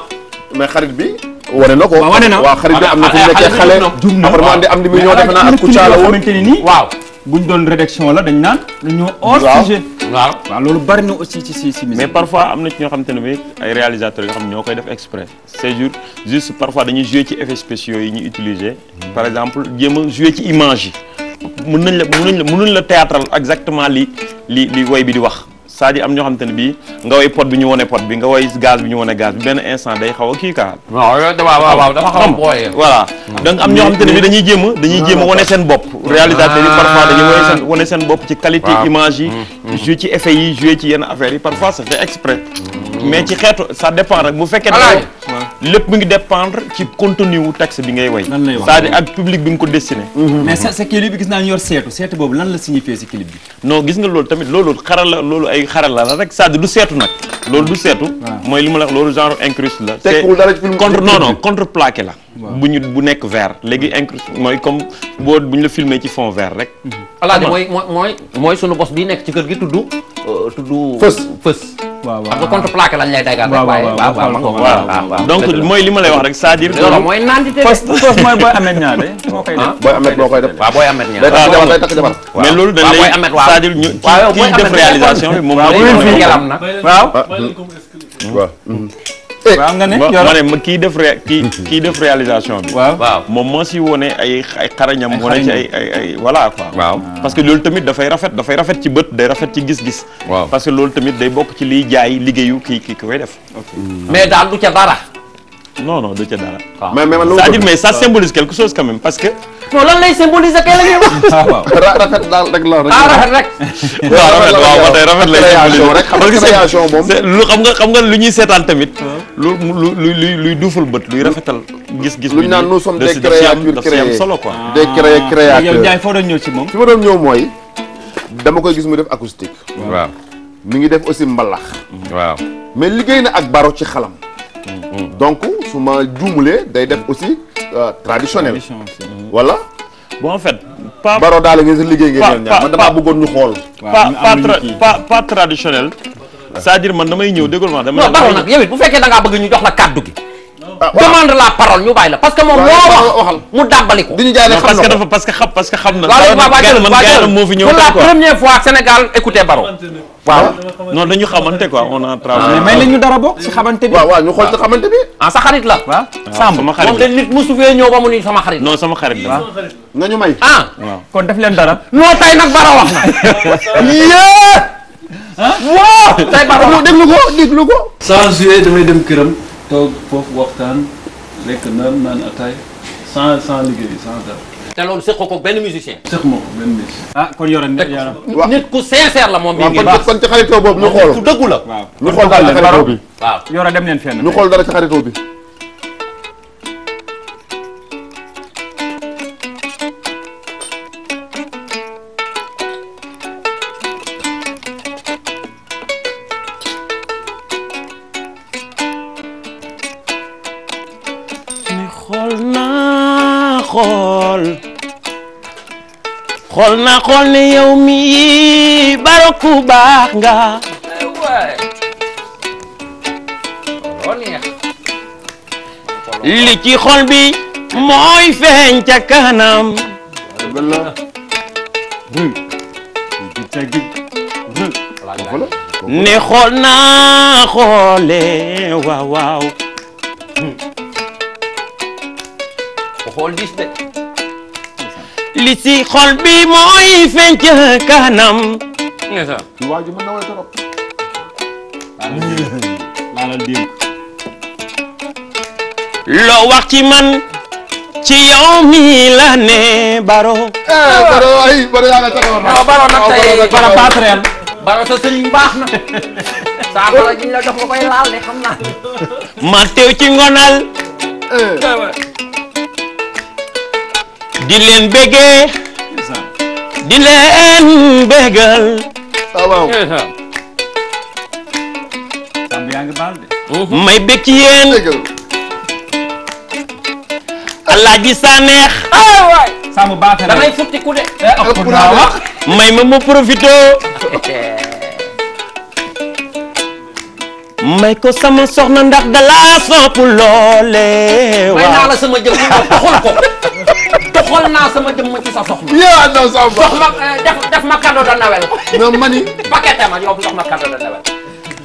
mais xarit bi wane na ko waaw xarit bi am na fu nekkee xale jub na après mu andi am di mi ñoo defe naa ak ku caala woon waaw buñ doon rédaction la dañ naan dañoo hors sujet waaw waaw loolu bari na aussi ci si si musique mais parfois am na ci ñoo xamante ne bi ay réalisateurs yoo xam ne ñoo koy def exprès c'est juste parfois dañuy jouer ci effets spéciaux yi ñu utiliser hmm. par exemple jéem a jouer ci image yi mun nañ la mën nañ la mënuñ la théâtral exactement li li li woy bi di wax Sadji am ñoo xamante ne bii nga woy pot bi ñu wane pot bi nga woy gaz bi ñu wane gaz bi benn instant day xaw a kii quoi. waaw a booyee. voilà hmm. donc am ñoo xamante ne bii dañuy jéem a dañuy jéem a seen bopp. Hmm. réalisateur yi parfois dañuy wane ah. seen bopp ci qualité image yi. Hmm. joué ci effet yi joué ci yenn affaires yi parfois c'est fait exprès. mais ci xeetu ça dépend rek bu fekkee. lépp mu ngi dépendre ci contenu wu texte bi ngay way c'est-à-dire ak public bi nga ko destiné mm-hmm. mais sa clip bi gis naa ñu seetu seetu boobu lan la signifié si clip bi non gis nga loolu tamit loolu xarala loolu ay xarala la rek cest à seetu nag loolu du seetu mooy li ma la wax loolu genre incruste la contre non non contreplaqué la bu ñu bu nekk vert léegi incrusté mooy comme boo bu ñu la filmé ci fond vert rek. Mhm. Ah, alaaji mooy mooy mooy sunu bos bii nekk ci kër gi tudd. Euh, tudd fës fës. waaw waaw xam nga contreplaqué lañ lay daggaat rek. waaye waaw waaw donc mooy li ma lay wax rek saa à dire loolu mooy nandite fës fës mooy booy amet ñaare. moo koy def [LAUGHS] ah. booy amet moo koy def. waaw booy amet ñaare waaw day takk jabar mais loolu dañ lay c'est-à-dire ñu kii def réalisation bi moom mooy. waaw waaw mm. [LAUGHS] waaw nga ne ma ne kii def ré [LAUGHS] def réalisation bi. moom moo si wone ay ay xarañam. ay wone ci ay ay waaw parce que loolu tamit dafay rafet dafay rafet ci bët day rafet ci gis-gis. waaw parce que loolu tamit day bokk ci liy jaay liggéeyu kii ki koy def. mais daal du ca dara. non non du ca dara. waaw sa mais man c'est-à-dire mais ça euh, symbolise quelque chose parce que. non lan lay symboliser kay [LAUGHS] ah, la ñuy rafet daal rek la rek. ah rafet rek. [LAUGHS] waaw rafet waaw waaw tey rafet lay. symboliser rek nga création moom. lu xam nga xam nga lu ñuy seetaan tamit. Ah. lu lu luy luy duuful bët luy rafetal. gis-gis lu ñu naan nous sommes des créatures créées am solo quoi. Ah. des créé foo doon ñëw ci moom. fi ma doon ñëw mooy dama koy gis mu def acoustique. waaw mi ngi def aussi mbalax. waaw mais liggéey na ak baro ci xalam donc su ma juumulee day def aussi euh, traditionnel. voilà. bon en fait. pas baro daal ngeen si liggéey ngeen ñaar man damaa bëggoon ñu xool. pas pas traditionnel. c'est-à-dire man damay ñëw déggoo ma damay. non baro nag yow bu fekkee da ngaa bëgg ñu jox la kàddu gi. Ah, demande la parole ñu bàyyi la parce que moom moo mu dàbbali ko parce que xam na waaw moo fi ñëw pour la première fois Sénégal écouté Baro waaw non xamante quoi on a travaillé ah. mais may lañu dara bokk si xamante bi ah, sa xarit la sama xarit moom de nit mosu ba mu ni sama xarit non sama xarit la nañu may ah kon def leen dara non tey nag Baro wax na [LAUGHS] waaw tey Baro déglu ko déglu ko sans damay dem këram toog foofu waxtaan lekk naan naan ataay sans sans liggéey sans dara. te loolu seqoo ko benn musicien. sequma ko benn musicien. ah kon yore la moom. mi ngi baax kon ci xaritoo boobu ñu xool. lu dëggu la. waaw lu xool daal ci xaritoo bi. waaw yore dem leen fenn. ñu xool xool naa xool ne yow mi baro ku baax nga li ci xol bi mooy feeñ ca kanam ne xool naa xoole waaw waaw li ci xol bi mooy feeñ ca kanam. loo wax ci man. ci yow la ne baro. ma. baro ci ngonal. Eh. di leen béggee di leen béggal ah, waaw eh, mhm. may bég ci yéen alaaji Saneex saamu ah, baax la damay futti ku de eh, wax may ma mu profito [LAUGHS] may ko sama soxna ndax dala sopp loole waaw may naa la sama jëf taxul ko [LAUGHS] xool naa sama jëmm ci sa soxna. yaa na sa ba sox ma eh, def def ma cadeau de Noël. non mani. paquet ma yow sox ma cadeau de Noël.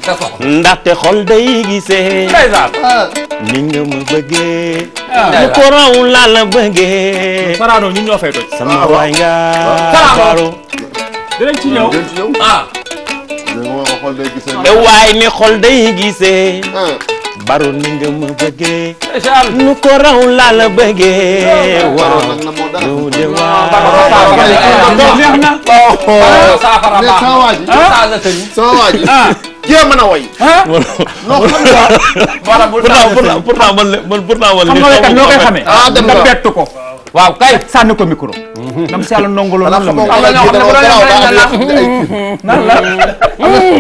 sa soxna. ndaxte xol day gisee. ndeysaan. Ah. ni nga ma bëggee. Ah. lu ko raw laa la bëggee. Faraano ñun ñoo fay toj. sama ah, waay nga. Faraano dinañ ci ñëw ah. dégg nga xol day gisee. te waay ni xol day gisee. baro ni nga ma bëggee. nu ko raw laa la bëggee. waaw yow de waaw. neex na. mais sama waa ji. sama waa ji. jéem a na woy. Ah. non xam nga. voilà pourtant pourtant man man pourtant man. xam nga kat noo koy xamee. ah dem nga bettu ko. waaw kay sànni ko micro. nam mhm. si yàlla nongolo la mu. am na ñoo xam ne bu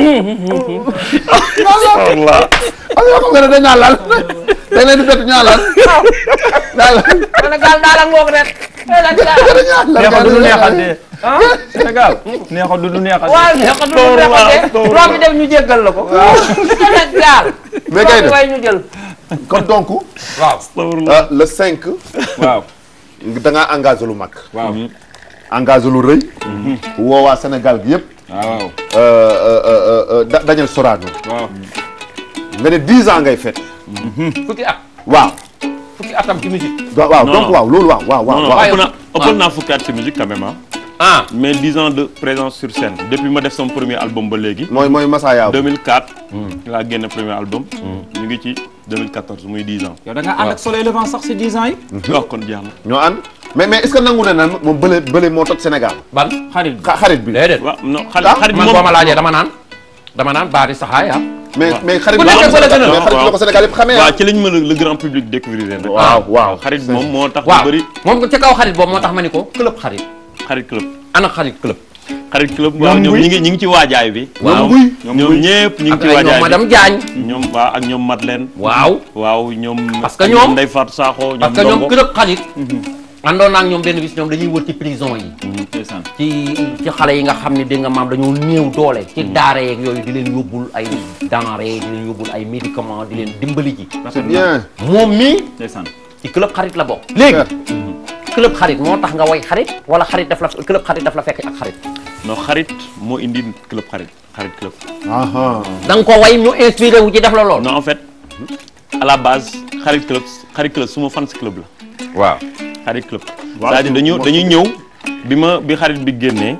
doon leen la nan la. parce que yoo xam laal dañ laal. daal la daal ak ngoog rek. neexoon du neexal de. ah Sénégal neexoon du neexal de. waaw neexoon du neexal de loo fi def ñu jéggal la ko. [LAUGHS] waaw Sénégal. kon donc. Euh, lu mag. waaw mhm. lu rëy. Mhm. woowaa yëpp. nga ne dix ans ngay fête. Mhm. fukki at. waaw. fukki atam ci musique. waaw donc waaw loolu waaw waaw waaw. waaw na fukki at ci musique quand ah. mais dix ans de présence sur scène depuis ma def sama premier album ba léegi. mooy mooy Masaya. 2004. Hmm. laa génne premier album. Hmm. ñu ngi ci muy dix ans. yow da nga ànd sax si dix ans yi. Hmm. waaw kon jeex na. ñoo ànd mais mais est ce que nangu na naan moom bële moo toj Sénégal. ban xarit bi xarit ah. ma dama naan. dama naan baari saxaay ah. mais mais xarit bu nekkee fële gën a mais xarit ko Sénégal yëpp xamee ah. waaw ci lañ mën a le grand public découvrir rek. waaw waaw xarit moom moo tax. waaw bëri moom ca kaw xarit boobu moo tax ma ni ko club xarit. xarit club ana xarit club. xarit club waaw ñoom ñi ngi ñi ngi ci waajaay bi. waaw ñoom ñëpp ñi ngi ci waajaay bi ak ñoom madame Diagne. ñoom waaw ak ñoom Madeleine. waaw waaw ñoom. parce que ñoom Ndeye Fatou Sakho ñoom Ndongo parce que ñoom club xarit. Mhm. àndoon naa ak ñoom benn bis ñoom dañuy wër ci prison yi. ci ci xale yi nga xam ne dégg nga maam dañoo néew doole. ci mm. daara yeeg yooyu di leen yóbbul ay denrées di leen yóbbul ay médicaments di leen dimbali ji. c'est bien moom mii. ci club xarit la bokk. léegi club xarit moo tax nga way xarit wala xarit daf la club daf la fekk ak xarit. non xarit moo indi club xarit xarit club. da nga ko way ñu inspiré wu ci def la lool. non en fait la base xarit club xarit club suma fans club xarit club c'est-à-dire dañu dañuy ñëw bi ma bi xarit bi génnee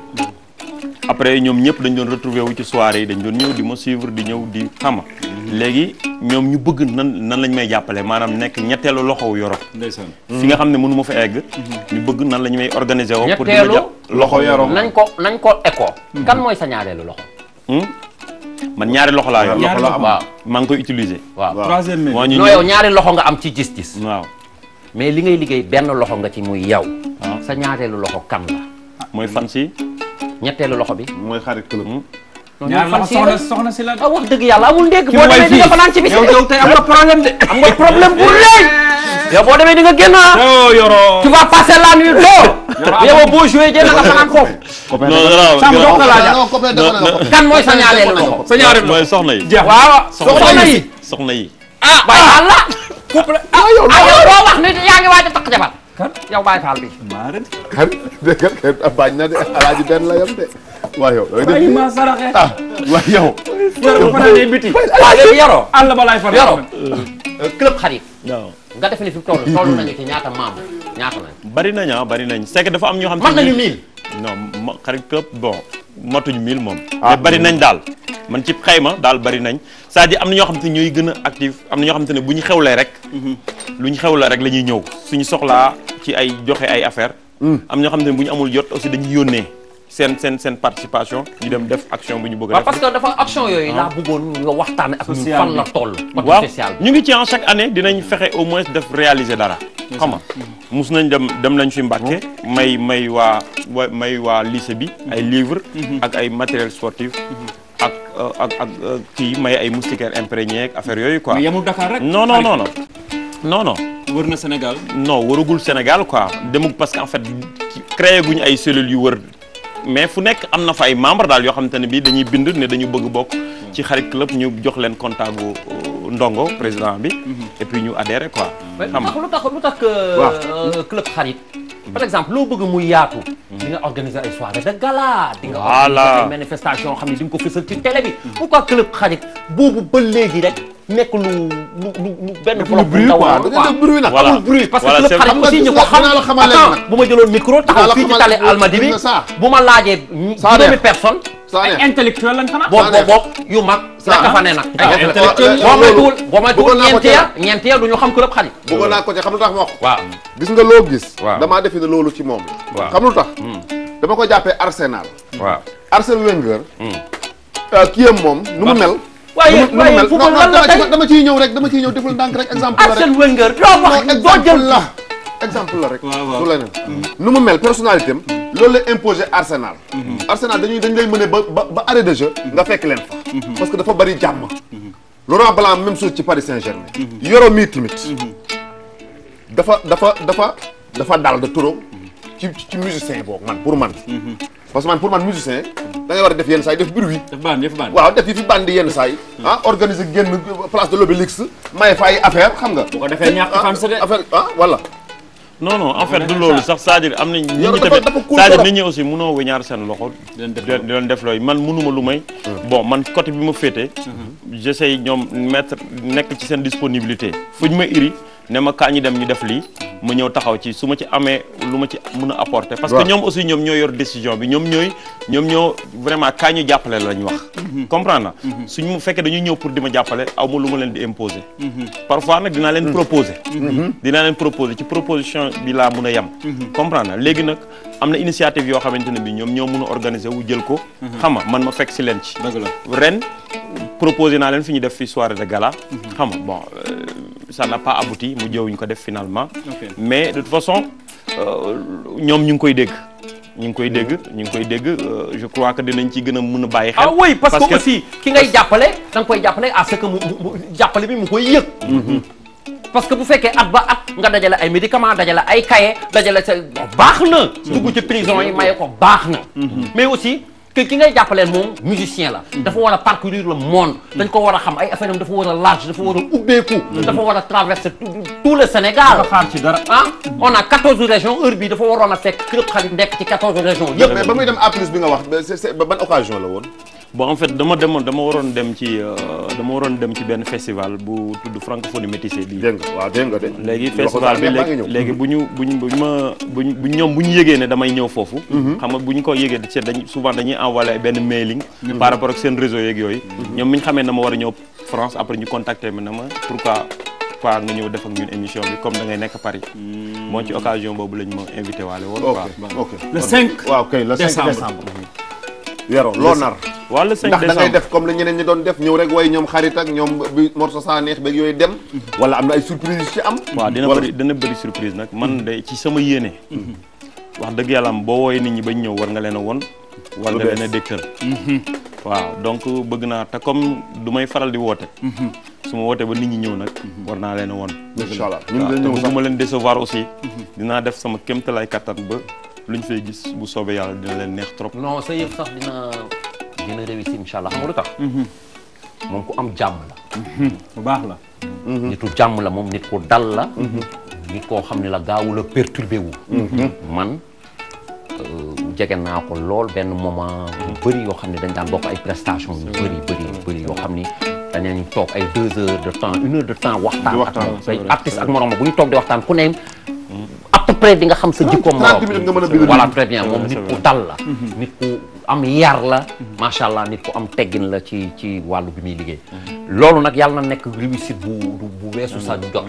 après ñoom ñëpp dañ doon retrouver wu ci soir yi dañ doon ñëw di ma suivre di ñëw di xama mhm. léegi ñoom ñu bëgg nan nan lañ may jàppale maanaam nekk ñetteelu loxo Yoro ndeysaan fi nga xam ne mënuma fa egg mhm. ñu bëgg nan la ñu may organiser woo pour di ma jàpp loxo Yoro nañ ko nañ ko écho mhm. kan mooy sa ñaareelu loxo hmm? man ñaari loxo laa yoo waaw maa ngi koy utiliser waaw troisième waaw ñu ñaari loxo nga am ci gis-gis waaw mais li ngay liggéey benn loxo nga ci muy yow. Ah. sa ñaareelu loxo kan la. Ah, mooy fan si. loxo bi. mooy xarit club. Hmm? soxna soxna si la. Ah, yàlla amul ndégg boo di am nga [LAUGHS] problème de. am nga [LAUGHS] boo demee di nga génn ah. yow yoroo. tu vas passer la boo joué jéem a nga foofu. non non Sam dox kan mooy sa ñaareelu loxo. sa ñaareelu mooy soxna yi. waaw soxna yi soxna yi. [LAUGHS] couple ah, ah yow boo yaa ngi waaj a takk jabar kan yow bi maaren kan dégg nga ah, bañ na de alaaji benn la yem de waaw yow ay ma saraxe ah waaw yow yow fa na biti waaw yow yaro àll ba laay fa yaro euh, club xarit nga def ni fi toll toll nañu ci ñaata maam ñaata nañ bari nañ ah bari nañ c'est que dafa am ñoo xam mën nañu miin non xarit club bon matuñ mille moom. Ah, mais bari nañ daal man ci xayma daal bari nañ cest à am na ñoo xam te ñooy gën a actif am na ñoo xam te ne bu ñu xewlee rek. Mhm. lu ñu xewlee rek la ñuy ñëw suñu soxlaa ci ay joxe ay affaire mm. am ñoo xam te ne bu ñu amul jot aussi dañuy yónnee. seen seen seen participation ñu dem def action bu ñu bëgg a parce que dafa action yooyu ah. laa bëggoon nga waxtaan ak ñu fan la toll waaw ñu ngi ci en chaque année dinañ fexe au moins def réaliser dara xam nga mm. mus nañ dem dem nañ fi Mbàkke mm. may may waa may waa lycée bi mm. ay livres mm-hmm. ak ay matériel sportif mm-hmm. euh, ak ak ak euh, kii may ay moustiquaires imprégné ak affaire yooyu quoi mais yemul Dakar rek non non non non non na Sénégal non waragul Sénégal quoi demul parce que en fait créé guñu ay cellules yu wër mais fu nekk am na fa ay membre daal yoo xamante ne bi dañuy bind ne dañu bëgg bokk ci xarit club ñu jox leen contact gu ndongo président bi mhm. et puis ñu adhéré quoi xam nga lu tax lu tax euh, club xarit par exemple loo bëgg muy yaatu. di nga organiser ay soirées de gala. di nga organiser ay manifestations xam ne di nga ko fësal ci télé bi. pourquoi club xarit boobu ba léegi rek nekk lu lu lu benn. bloc bu ndaw quoi dafa bruit nag amul bruit parce que club xarit aussi ñu ko xam bu ma jëloon micro taxaw fii ci tali almadini bu ma laajee. saa personne ay intellectuel lañ xanaa. bopp bopp yu mag. naka fa ne nag. ay intellectuel boo may tuul boo may tuul ñeenti ya ñeenti ya du ñu xam kërëb xarit. bëggoon ko ci xam lu tax ma wax waaw gis nga loo gis. waaw damaa defi ne loolu ci moom la. waaw xam lu tax. Hmm. dama ko jàppee Arsenal. waaw Arsène Wenger. Hmm. Euh, kiyam moom nu mu mel. waaye waaye fukk lan la tey dama ciy ñëw rek dama ciy ñëw defal ndànk rek exemple la rek Arsène Wenger doo wax doo jël la exemple la rek. waaw leneen. Mm-hmm. nu mu mel personnalité am. loolu la imposé Arsenal. Mm-hmm. Arsenal dañuy dañ lay mëne ba ba ba arrêt de jeu. Mm-hmm. nga fekk leen fa. parce que dafa bari jàmm. Laurent Blanc même chose ci Paris Saint-Germain. Yoro mii tamit. dafa dafa dal de trop. ci musicien boobu man pour man. parce que man pour man musicien da ngay war a def yenn saa yi def bruit. def band def band waaw def yi fi band yenn saa yi. Ah, génn place de l'Obélisque. may fay affaire xam nga. bu non non en du loolu sax cest à am nañ nit ñi tamit c'est-à-dire nit ñi aussi mënoo wëñaar seen loxo di leen def looy man mënuma lu may hmm. bon man côté bi ma féete hmm. yi ñoom mettre nekk ci seen disponibilité fu ma iri ne ma kaa ñu dem ñu def lii ma ñëw taxaw ci su ma ci amee lu ma ci mun a apporter. parce que ñoom aussi ñoom ñoo yor décision bi ñoom ñooy ñoom ñoo vraiment kaa ñu jàppale la ñu wax. Mm-hmm. comprendre na mm-hmm. suñ mu fekkee dañuy ñëw pour di ma jàppale aw ma lu ma leen di imposer. Mm-hmm. parfois nag dinaa leen proposer. dinaa leen proposer ci proposition bi laa mën a yem. comprendre léegi nag am na initiative yoo xamante ne bi ñoom ñoo mën a organiser wu jël ko. xam nga man ma fekk si leen ci. ren proposé naa leen fi ñu def fi soirée de gala. xam euh, nga yi mu jëwuñ ko def finalement. mais de toute façon euh, ñoom ñu ngi koy dégg. ñu ngi koy dégg ñu ngi koy dégg euh, je crois que dinañ ci gën a mën a bàyyi xel. ah oui parce que aussi ki ngay jàppale da koy jàppale à ce que mu jàppale bi mu koy yëg. Mhm. parce que bu fekkee at ba at nga dajale ay médicaments dajale ay cahiers dajale sa baax na. Mhm. dugg ci prison yi maye ko baax na. Mhm. mais aussi. que ki ngay jàppaleel moom musicien la mm-hmm. dafa war a parcourir le monde mm-hmm. dañ ko war a xam ay affaire am dafa war a large dafa war a mm-hmm. ubbeeku dafa war a traverser tout le ah, a quatorze heure bi dafa waroon a fekk Club Khalid nekk ci quatorze régions yëpp mais ba muy A+ bi nga occasion la woon bon en fait dama demoon dama waroon dem ci euh, dama waroon dem ci benn festival bu tudd francophonie métissé bi dégg nga waaw léegi festival bi bu ñu buñ buñ ma buñ buñ bu ñu yëgee ne damay ñëw foofu mhm. xam nga bu ñu ko yëgee ci dañ souvent dañuy envoyé benn mailing mhm. par rapport ak seen réseau yeeg yooyu mhm. ñoom mi ñu xamee na ma war a ñëw France après ñu contacté ma na ma pourquoi pas nga ñëw def ak ñun bi comme da ngay nekk Paris bon hmm. ci occasion boobu lañ ma invité waale woon ok le 5 waaw kay wero loo nar wala ndax da ngay def comme la ñeneen ñi doon def ñëw rek way ñoom xarit ak ñoom bi morso sa neex beeg yooyu dem mhm. wala am na ay surprise ci am waaw dina bëri dina bëri surprise nag man de ci sama yéene mhm. wax dëgg yàlla boo wooyee nit ñi bañ ñëw war nga leen a won war nga leen a dégtal mhm. waaw donc bëgg naa te comme du may faral di woote su ma wootee ba nit ñi ñëw nag war naa leen woon won incha allah ñun dañ ñëw sax ma leen décevoir aussi dinaa def sama kéemtalaay kattan ba lu ñu fay gis bu soobee yàlla dina leen neex trop. no sa yëf sax dina dina réussir incha allah xam mhm. moom ku am jàmm la. bu mhm. baax la. Mhm. nitu jàmm la moom nit ku dal la. nit koo xam ne la gaawul a perturbé wu. man euh, jege naa ko lool ben moment bu bëri yoo xam ne dañ daan bokk ay prestations yu bëri bëri bëri yoo xam ni dañu toog ay deux heures de temps une heure de temps waxtaan. ak artiste bu ñu toog di waxtaan ku ne après di nga xam sa jikko morom voilà très bien moom nit ku dal la nit ku am yar la macha allah nit ku am teggin la ci ci wàllu bi muy liggéey loolu nag yàlla na nekk réussite bu bu weesu sa njot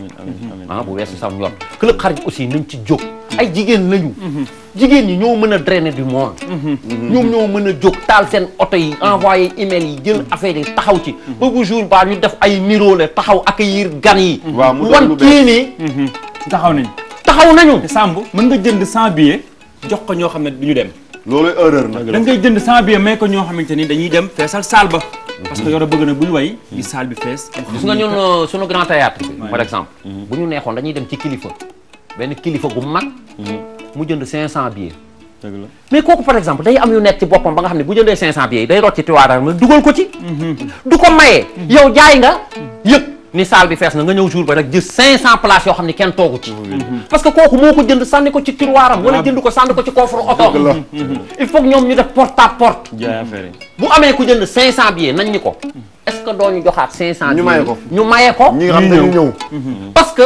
ah bu weesu sa njot club xarit aussi nañ ci jóg ay jigéen lañu mhm. jigéen ñi ñoo mën a drainer du monde mhm. Mhm. ñoom ñoo mën a jóg taal seen oto yi envoyé email yi jël affaire taxaw ci ba bu jour ba ñu def ay niroole taxaw yir gan yi wan kii taxaw nañ taxaw nañu. te Samb mën nga jënd 100 billets jox ko ñoo xam ne du ñu dem. loolu erreur nag da ngay jënd 100 billets may ko ñoo xamante ni dañuy dem feesal saal ba. Mhm. bu ñu way di saal bi fees. gis nga ñun euh, suñu grand théâtre par exemple. Mhm. dem ci kilifa benn kilifa gu mag. Mhm. mu jënd 500 billets. dëgg la mais kooku par exemple day am yu nekk ci boppam ba nga xam ne bu jëndee 500 billets day rot ci tiwaara ko ci. du ko maye. yow jaay nga ni salle bi fees na nga ñëw jour ba rek jël 500 places yoo xam ne kenn toogu ci. parce que kooku moo ko jënd sànni ko ci tiroiram. wala ah. jënd ko sànni ko ci coffre otoom. il faut ñoom ñu def porte à porte. bu amee ku jënd 500 billets nañ ñu ko. est que doo ñu joxaat 500. ñu maye ko ñu maye ko. parce que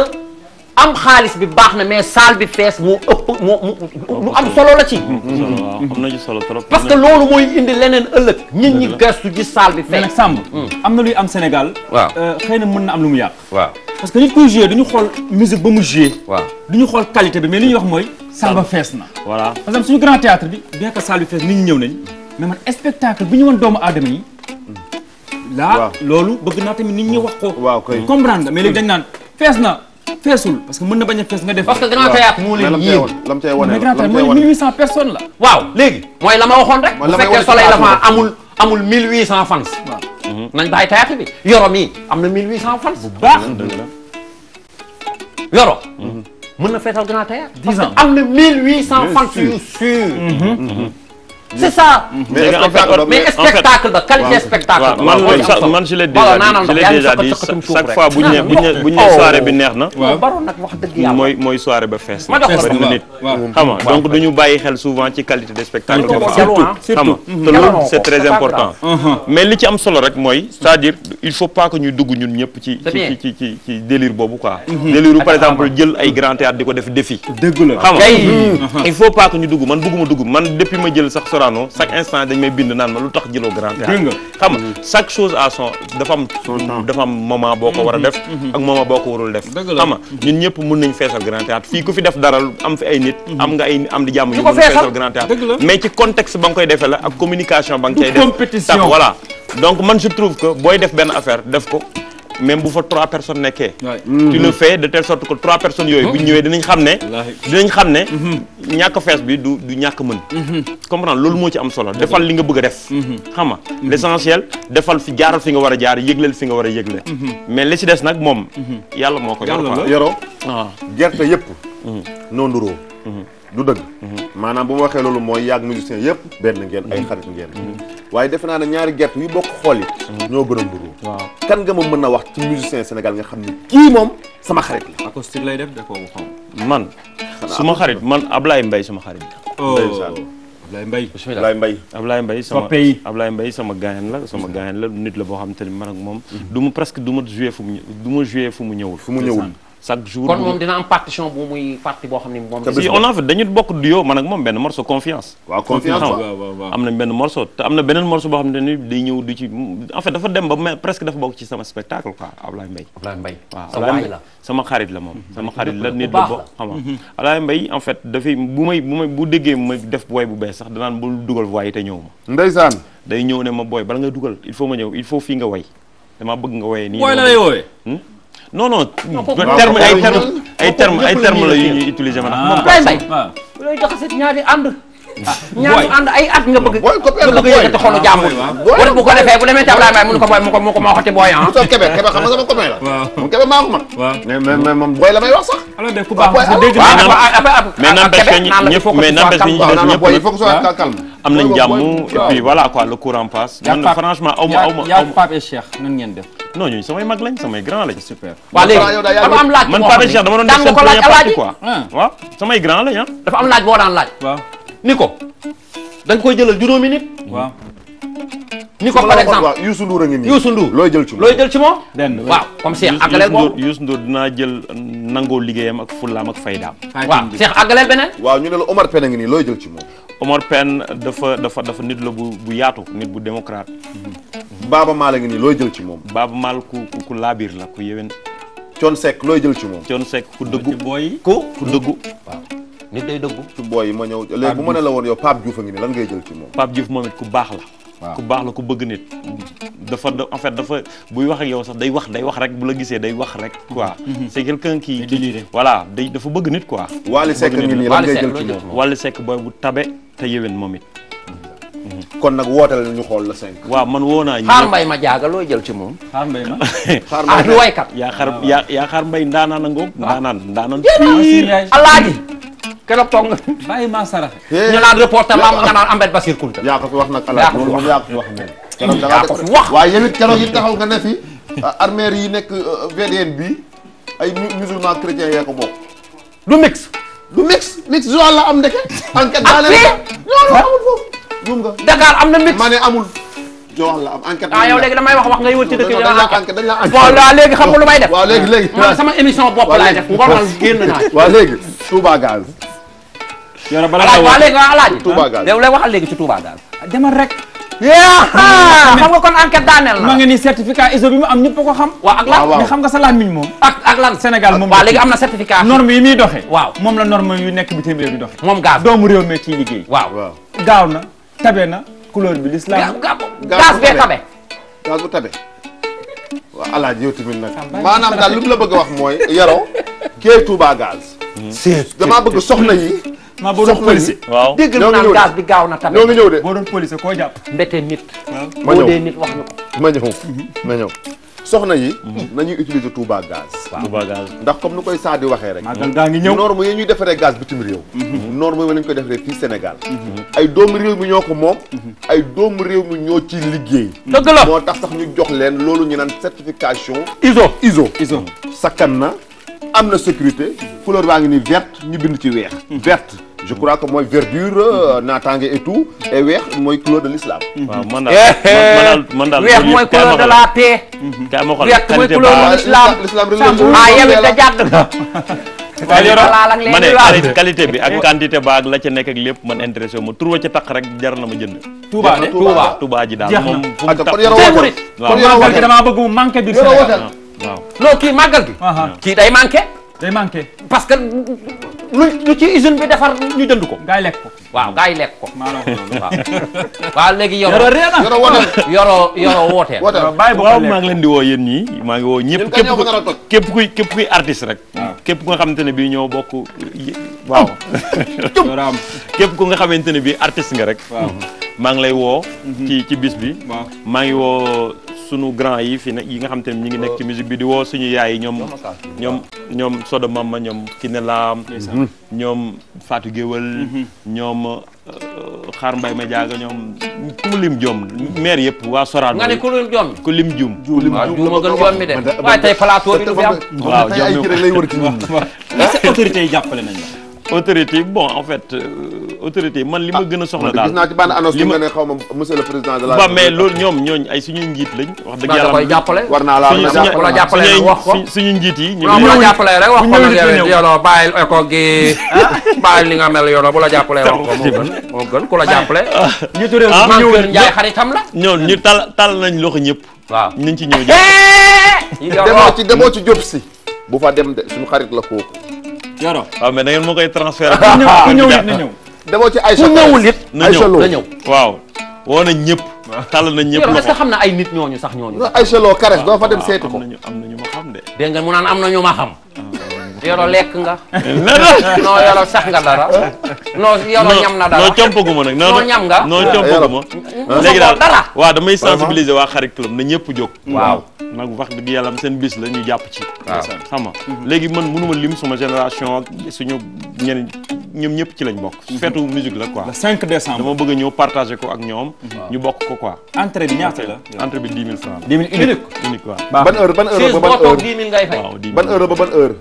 am xaalis bi baax na mais salle bi fees moo lu am solo la ci. Mm-hmm. Mm-hmm. Mm-hmm. parce que loolu mooy indi leneen ëllëg. nit ñi ji saal bi fekk. mais mm. am na luy am Sénégal. waaw euh, xëy na mën na am lu mu yàq. waaw parce que nit kuy joué du ñu xool musique ba mu joué. waaw du ñu bi mais li ñuy mooy. Samba fees na. voilà par exemple suñu grand bi bien que bi fees nit ñi ñëw nañ mais bi ñu woon doomu aadama yi. Mm. waaw laa loolu bëgg naa tamit nit ñi wax ko. waaw kay comprendre mm. fees na. feesul parce que mën na bañ a fees nga def. parce que grand théâtre moo leen la mais mooy 1800 personnes la. waaw léegi mooy la ma waxoon rek. man la may wane bu fekkee soleil dafa amul amul 1800 fans. waaw mhm. nañ bàyyi théâtre bi yoro am na 1800 fans. bu baax ah. yoro. Mhm. mën na feetal grand théâtre. 10 ans am na 1800 fans yu mhm. c'est ça. man man déjà dit chaque fois bu ñu bu ñu oh. soirée bi neex na. mooy mooy soirée ba fees na. bëri na nit xam nga donc du ñu bàyyi xel souvent ci qualité de spectacle ba fa am. xam nga mhm. c'est très important. Uh-huh. mais li ci am solo rek mooy c'est-à-dire il faut pas que ñu dugg ñun ñëpp ci ci ci ci ci délire boobu quoi. Mhm. délire par exemple jël ay grand théâtre di ko def défi. dëgg la xam nga il faut pas que ñu dugg man bëgguma dugg man depuis ma jël sax Sorano chaque instant dañ may bind naan ma lu tax jëloo grand théâtre xam nga chaque chose à son dafa am dafa am moment boo ko war a mm-hmm. def mm-hmm. ak moment boo ko warul def xam nga ñun ñëpp mun nañ feesal grand théâtre fii ku fi def dara am fi ay nit mm-hmm. am nga ay am di jàmm yu feesal grand théâtre mais ci contexte ba nga koy defee la ak communication ba nga cay def compétition voilà donc man je trouve que booy def benn affaire def ko même bu fa trois personnes nekkee tu le mm-hmm. fais de telle sorte que trois personnes yooyu bu ñëwee dinañ xam ne dinañ xam ne mm-hmm. ñàkk fees bi du du ñàkk mën mm-hmm. comprendre loolu moo ci am solo defal li nga bëgg a def xam nga l'essentiel defal fi jaaral fi nga war a jaar yëgleel fi nga war a yëgle mais li si des nag moom yàlla moo ko yor yoroo ah. gerte yëpp noo nduroo du dëgg maanaam bu ma waxee loolu mooy yàgg musicien yëpp benn ngeen ay xarit ngeen waaye defe naa ne ñaari gerte yu bokk xool yi ñoo gën a mburu kan nga ma mën a wax ci musicien Sénégal nga xam ni kii moom sama xarit la acoustique lay def de kooku xam man suma xarit man Ablaye Mbaye suma xarit oh, Ablaye Mbaye Ablaye Mbaye Ablaye Mbaye sama pays Ablaye Mbaye sama gaañan la sama gaañan la nit la boo xam te ni man ak moom mhm. du ma presque du ma joué fu mu ma joué fu mu ñëwul fu mu ñëwul chaque jour. kon moom dina am partition bu boo xam ne moom. si dañu bokk duo man ak moom benn morceau confiance. waaw confiance am nañ benn morceau te am na beneen morceau boo xam ne ni day ñëw du ci en fait dafa dem ba mais presque dafa bokk ci sama spectacle quoi Ablaye xarit la moom. sama xarit la nit xam nga mhm. Ablaye en fait dafay bu may bu may bu déggee ma def woy bu bees sax danaan bul dugal voix yi te ñëw ma. ndeysaan. day ñëw ne ma booy bala nga dugal il faut ma ñëw il faut fii nga way dama bëgg nga waye nii. booy non non terme ay terme ay terme ay terme la yu ñuy utiliser man ah, moom Baye Mbaye looy jaxase ñaari ànd ah. ñaari ànd ay at nga bëgg nga bëgg yëkkati xolu jàmbur wala ah, bu ko defee bu demee tabla Mbaye mu ne ko booy mu ko mu ko moo xati booy ah so kebe kebe xam nga sama copain la moom kebe maa ko mag mais mais moom booy la may wax sax alors def ku baax dégg mais n'empêche que ñëpp mais n'empêche que ñëpp il faut que soit calme am nañ jàmm et puis voilà quoi le courant passe man franchement aw ma aw ma yaa Pape et Cheikh nan ngeen def non ñooñu samay mag lañ samay grand lañ. super waaw léegi dafa am laaj man Pape Cheikh dama doon def seen première partie samay grand lañ ah. laaj boo daan laaj. waaw ni ko dañ koy jëlal juróomi nit. waaw ni ko par exemple waaw Youssou a ngi nii Youssou Ndour looy jël ci moom looy jël ci moom. benn waaw comme Cheikh àggaleel boobu Youssou jël nangoo liggéeyam ak fullaam ak faydaam. waaw Cheikh àggaleel beneen. waaw ñu ne la Omar looy jël ci moom Omar Pène dafa dafa dafa nit la bu bu yaatu nit bu démocrate mhm. Baaba Maal a ngi nii looy jël ci moom Baaba Maal ku ku laabiir la ku yéwén Thione Seck looy jël ci moom Thione Seck ku dëggu booy ku ku dëggu waaw nit day dëggu ci booy yi ma ñëw léegi bu la woon yow Pape Diouf a ngi nii lan ngay jël ci moom Pape Diouf moom it ku baax la ku baax la ku bëgg nit dafa en fait dafa buy waxee yow sax day wax day wax rek bu la gisee day wax rek quoi mhm. c'est quelqu'un qui voilà day dafa bëgg nit quoi Wally Seck ngi nii lan ngay jël ci moom Wally Seck bu tabe te yéwén moom it mhm. kon nag wootal ñu xool la cinq waaw man woo naa xaar mbay ma jaaga looy jël ci moom xaar mbay ma [LAUGHS] xaar ah, mbay du yaa xaar ah. mbay ndaanaan a ngoog ah. ndaanaan ndaanaan alaaji keroog toog nga. bàyyi maa saraxe. Eh. ñu naan reporter maam nga naan Ahmed Basir Kounta. yaa ko fi wax nag alaaj moom yaa ko fi wax moom. yaa ko fi wax waaye yéen it keroog yi taxaw nga ne fi ah, armère yi nekk euh, VDN bi ay musulman chrétien yee ko bokk. du mix. du mix mix Joal la am ndeke. enquête daa ah, leen non non amul foofu. juum nga Dakar am na mix ma ne amul. Joal la am enquête. ah yow léegi damay wax wax ngay wër ci dëkk yi dañoo ah, enquête dañ la enquête bon waaw léegi xam nga lu may def. waaw léegi léegi man sama émission bopp laay def. ngor man génn naa. waaw léegi Touba Gaz. yow nag balaa nga wax léegi waaw ah, léegi ci Touba Gaz. Ah, demal rek. yaa ah, xam nga kon enquête daaneel na. ma nga ni certificat ISO bi mu am ñëpp ko xam. waaw ak lan xam nga sa làmmiñ moom. ak ak Sénégal moom. waaw léegi am na certificat. norme yi muy doxee. moom la norme yu nekk bitim réew di doxee. moom gaz doomu réew mi ciy liggéey. waaw gaaw na tabe na couleur bi l'islam. gaz bee tabe gaz bu tabe. waaw alaaji yow tamit nag. maanaam daal lu mu la bëgg a wax mooy. yaro kee Touba Gaz. c'est bëgg soxna yi ma boo doon waaw dégg na naan bi gaaw na tamit ñoo ngi ñëw de boo doon policier koo jàpp nit boo dee nit wax ñu ko ma ñëw mhm. ma ñëw soxna yi mhm. nañuy utiliser Touba gaz Touba gaz ndax comme ni koy saa di waxee rek magal gaa ngi ñëw norme yi ñuy defaree gaz bitim réew mhm. norme yi lañ koy defaree fii Sénégal ay doomu réew mi ñoo ko moom ay doomu réew mi ñoo ci liggéey dëgg la moo tax sax ñu jox leen loolu ñu naan certification ISO ISO ISO sakkan na am na sécurité couleur baa ngi ni verte ñu bind ci weex vert je crois que mooy verdure euh, naataange et tout et weex mooy couleur de l'islam. waaw man daal eh, eh, man daal weex mooy couleur de ah, [LAUGHS] la paix. kaa ma xool weex mooy couleur de l'islam. ah waaw yoroo bi ak quantité ba ak la ca nekk ak lépp man intéressé wu ma tur wa ca tax rek jar na ma jënd. Touba de daal moom bëgg mu manqué biir Sénégal. waaw non kii màggal gi. day manqué. day lu ci usine bi defar ñu jënd ko. gaay lekk ko waaw lekk ko. waaw waaw léegi yoro yoro wooteel yoro yoro wooteel. waaw maa ngi leen di woo yéen ñii maa ngi woo ñëpp. képp ku képp kuy képp kuy artiste rek. Ah. képp ne bii ñoo bokk. waaw oh. [LAUGHS] képp ku nga xamante ne bii artiste nga rek. maa ngi lay woo. Mhm. ci ci bis bi. woo. sunu grand yi fi ne yi nga xam te ne ñu ngi nekk ci musique bi di woo suñu yaay yi ñoom ñoom ñoom Sodo Mama ñoom Kinelaam ñoom Fatou Géwal mm-hmm. ñoom xaar euh, mbay ma jaaga ñoom ku lim joom maire yëpp waa Sorano nga ne ku lim joom ku lim juum juum ma gën joom mi de waaye tey plateau bi du fi am waaw joom mi lay wër ci ñun [LAUGHS] autorité yi jàppale nañ la autorité bon en fait euh, autorité man li ma ah. gën a soxla daal gis naa ci benn annonce li ma ne xaw ma monsieur le président de la waaw mais loolu ñoom ñooñu ay suñuy njiit lañ wax dëgg yàlla koy jàppale war naa la jàppale wax ko suñu njiit yi ñu bu la jàppale rek wax ko yooloo bàyyil éco gi [LAUGHS] bàyyil li nga mel yooloo bu la jàppale wax ko moo gën moo gën ku la jàppale ah. njiitu réew mi ah. ñëw njaay ñu tal tal nañ loxo ñëpp waaw nañ ci ñëw eh! demoo ci demoo ci jóp si bu fa dem de suñu xarit la kooku yoro waaw mais da ngeen moo koy transfert [LAUGHS] ku ñëw it na [LAUGHS] ñëw demoo ci Aïcha ku ñëwul it Aïcha Lo na ñëw waaw woo nañ ñëpp tàll nañ ñëpp est-ce que xam na ay nit ñooñu sax ñooñu Aïcha Lo kares doo fa dem seeti ko am na ñu ma xam de dégg nga mu naan am na ñu ma xam ah. yoro lekk nga. non yoro sax nga dara. non yoro ñam na dara non compaguma nag. non ñam nga non compaguma. léegi daal waaw damay sensibiliser waa xarit club na ñëpp jóg. waaw nag wax dëgg yàlla am seen bis la ñu jàpp ci. waaw xam nga mhm. léegi man mënu ma lim sama génération ak suñu ñeneen ñoom ñëpp ci lañ bokk. Mhm. feetu musique la quoi. le 5 décembre dama bëgg a ñëw partager ko ak ñoom. Mhm. ñu bokk ko quoi. entrée bi ñaata la. entrée bi 10 000 francs. 10 000 unique unique waaw. ban heure ban heure ba ban heure ban heure ba ban heure.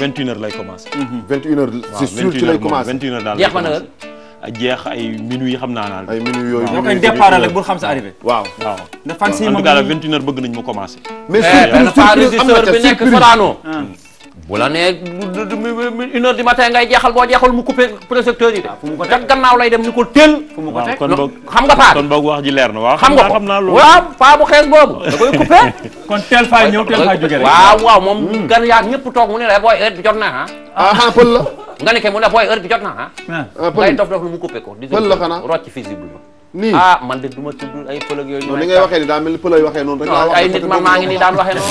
21 heures lay commencé. 21 mhm. heures c'est sûr ci lay commencé 21 heures daal lay commencé jeex ay minuit yi xam naa naa. ay minuit yooyu ñoo koy départ rek bu xam sa arrivé. waaw waaw. en tout cas la 21 heures bëgg nañ mu commencé. mais eh, surprise am na ca surprise bu ne nee une heure matin ngay jeexal boo jeexal mu coupé projecteur yi de. Ah, fu mu gannaaw lay dem ñu ko teel. ko teg xam nga paa. kon boog ji leer na waaw xam nga ko waaw paa bu xees boobu da koy coupé. [LAUGHS] kon teel faa ñëw teel faa jóge rek. waaw moom hmm. gan yaag ñëpp toog mu ne la booy heure bi jot naa ah. Ah, ah. pël la. nga ne kay mu ne la booy heure bi jot naa ah. ngay dof dof lu mu coupé ko. pël la xanaa rocc visiblement. nii ah man de du ma tudd ay pël ak yooyu. non ni ngay waxee ni daa mel ay waxee noonu rek. ay nit man maa ngi nii daan waxee noonu.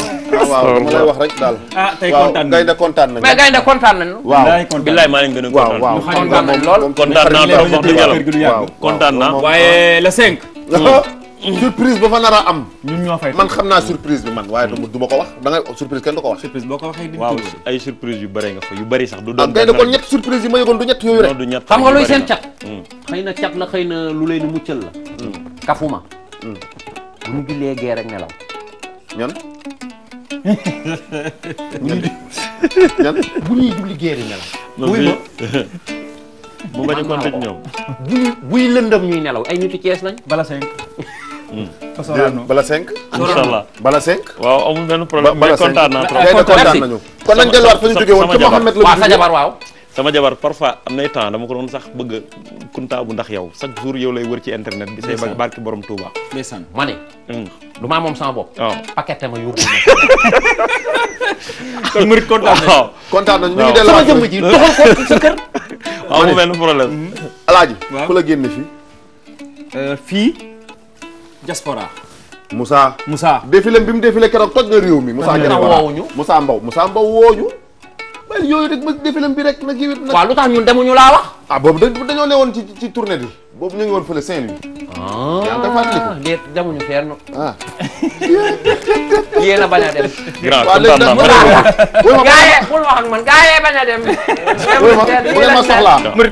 waaw ma lay wax rek daal. ah tey kontaan nañu waaw gaynde kontaan nañu. mais gaynde kontaan waaw billaay maa leen gën a kontaan. waaw kontaan nañu lool kontaan naa trop wax dëgg yàlla. waaw kontaan naa waaye le 5. surprise ba fa nar a am. ñun ñoo fay man xam naa surprise bi man waaye du ma ko wax da ngay surprise kenn du ko wax. surprise boo ko waxee yu bëri nga fa yu bëri sax. du doon gën ah, a na cat la xëy na lu leen muccal la. Mm. kafuma. Mm. bu ñu jullee gee rek nelaw. ñan. [LAUGHS] ñan ñuy julli gee rek nelaw. wuy ma. bu [LAUGHS] bañ a kontaan ñoom. buy buy lëndëm ñuy nelaw ay nitu Cees lañ. bala cinq. bala 5. incha allah bala 5. waaw amul benn problème mais kontaan naa trop kontaan nañu kon nañ delluwaat fa ñu jógee woon ci Mouhamed la sa jabar waaw sama jabar parfois am nay temps dama ko doon sax bëgg a kuntaabu ndax yow chaque jour yow lay wër ci internet bi say ba barki borom Touba ndeysaan ma ne hmm. du maa moom sama bopp waaw oh. paquet ma yóbbu [LAUGHS] kon murit kontaan nañu kontaan nañu ñu ngi delluwaat sama jëmm ji hmm. doxal ko sa kër waaw [LAUGHS] mu benn problème alaaji ku la génne fii euh, fii Diaspora. Moussa. Moussa défilé bi mu défilé keroog toj na réew mi. Moussa Diaspora Moussa Mbow Moussa Mbow wooñu. man yooyu rek ma défilé bi rek nag yéen. waaw lu tax ñun demuñu laa wax. ah boobu dañoo ne woon ci ci tournée bi. boobu ñu ngi woon fële Saint-Louis. ah yaa ngi koy fàttaliku. déet demuñu fenn. ah. [LAUGHS] yéen a a grand kontaan naa ma gaa yee bul wax ak man gaa yee bañ a dem. bu leen ma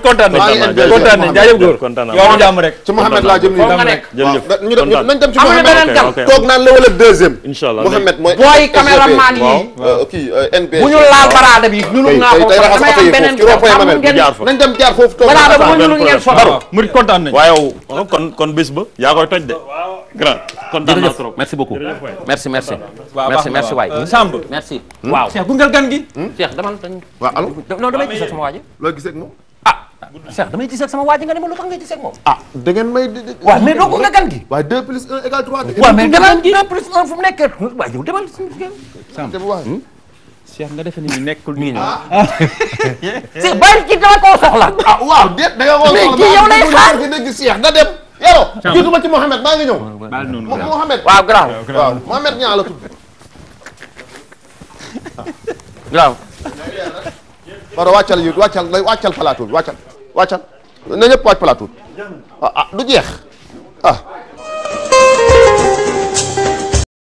kontaan nañ kontaan nañ jaajëf góor kontaan naa yow am jàmm rek. ci Mouhamed laa jëm nii jàmm rek. jërëjëf kontaan nañ dem ci Mouhamed toog naan la wala deuxième. incha allah Mouhamed mooy. booy caméraman yi euh, euh, kii euh, bu ñu laal baraada bi ñulul naa ko damay am beneen foofu nañ dem jaar foofu toog baraada bu waaye kon kon bés ba yaa koy toj de kontaan naa trop merci beaucoup merci merci. waaw merci merci waay. Euh, hmm? Samb merci. Hmm? waaw Cheikh gungal gan gi. Hmm? Cheikh dama la. waaw allo non damay gisee sama waa ji. loo gisee ak moom. ah Cheikh damay gisee ak sama waa ji nga ne ma lu tax ngay gisee ak moom. ah da ngeen may. waaw mais doo gungal gan gi. waaw 2 plus 1 égale 3. waaw mais gan gi 2 plus 1 fu mu nekkee. waaw yow demal Samb. Cheikh nga defe ni ñu nekkul nii ñëw. Ah. [LAUGHS] Cheikh bàyyi ci dama koo soxla. ah waaw déet da nga koo soxla. mais kii yow lay xaar mais kii yow lay xaar. yaro jiituma ci Mouhamed maa ngi ñëw. Mouhamed waaw garaaw waaw Mouhamed ñaa la tudd. garaaw. [LAUGHS] Baro wàccal yu wàccal wàccal plateau bi wàccal wàcc plateau ah, ah, du jeex ah.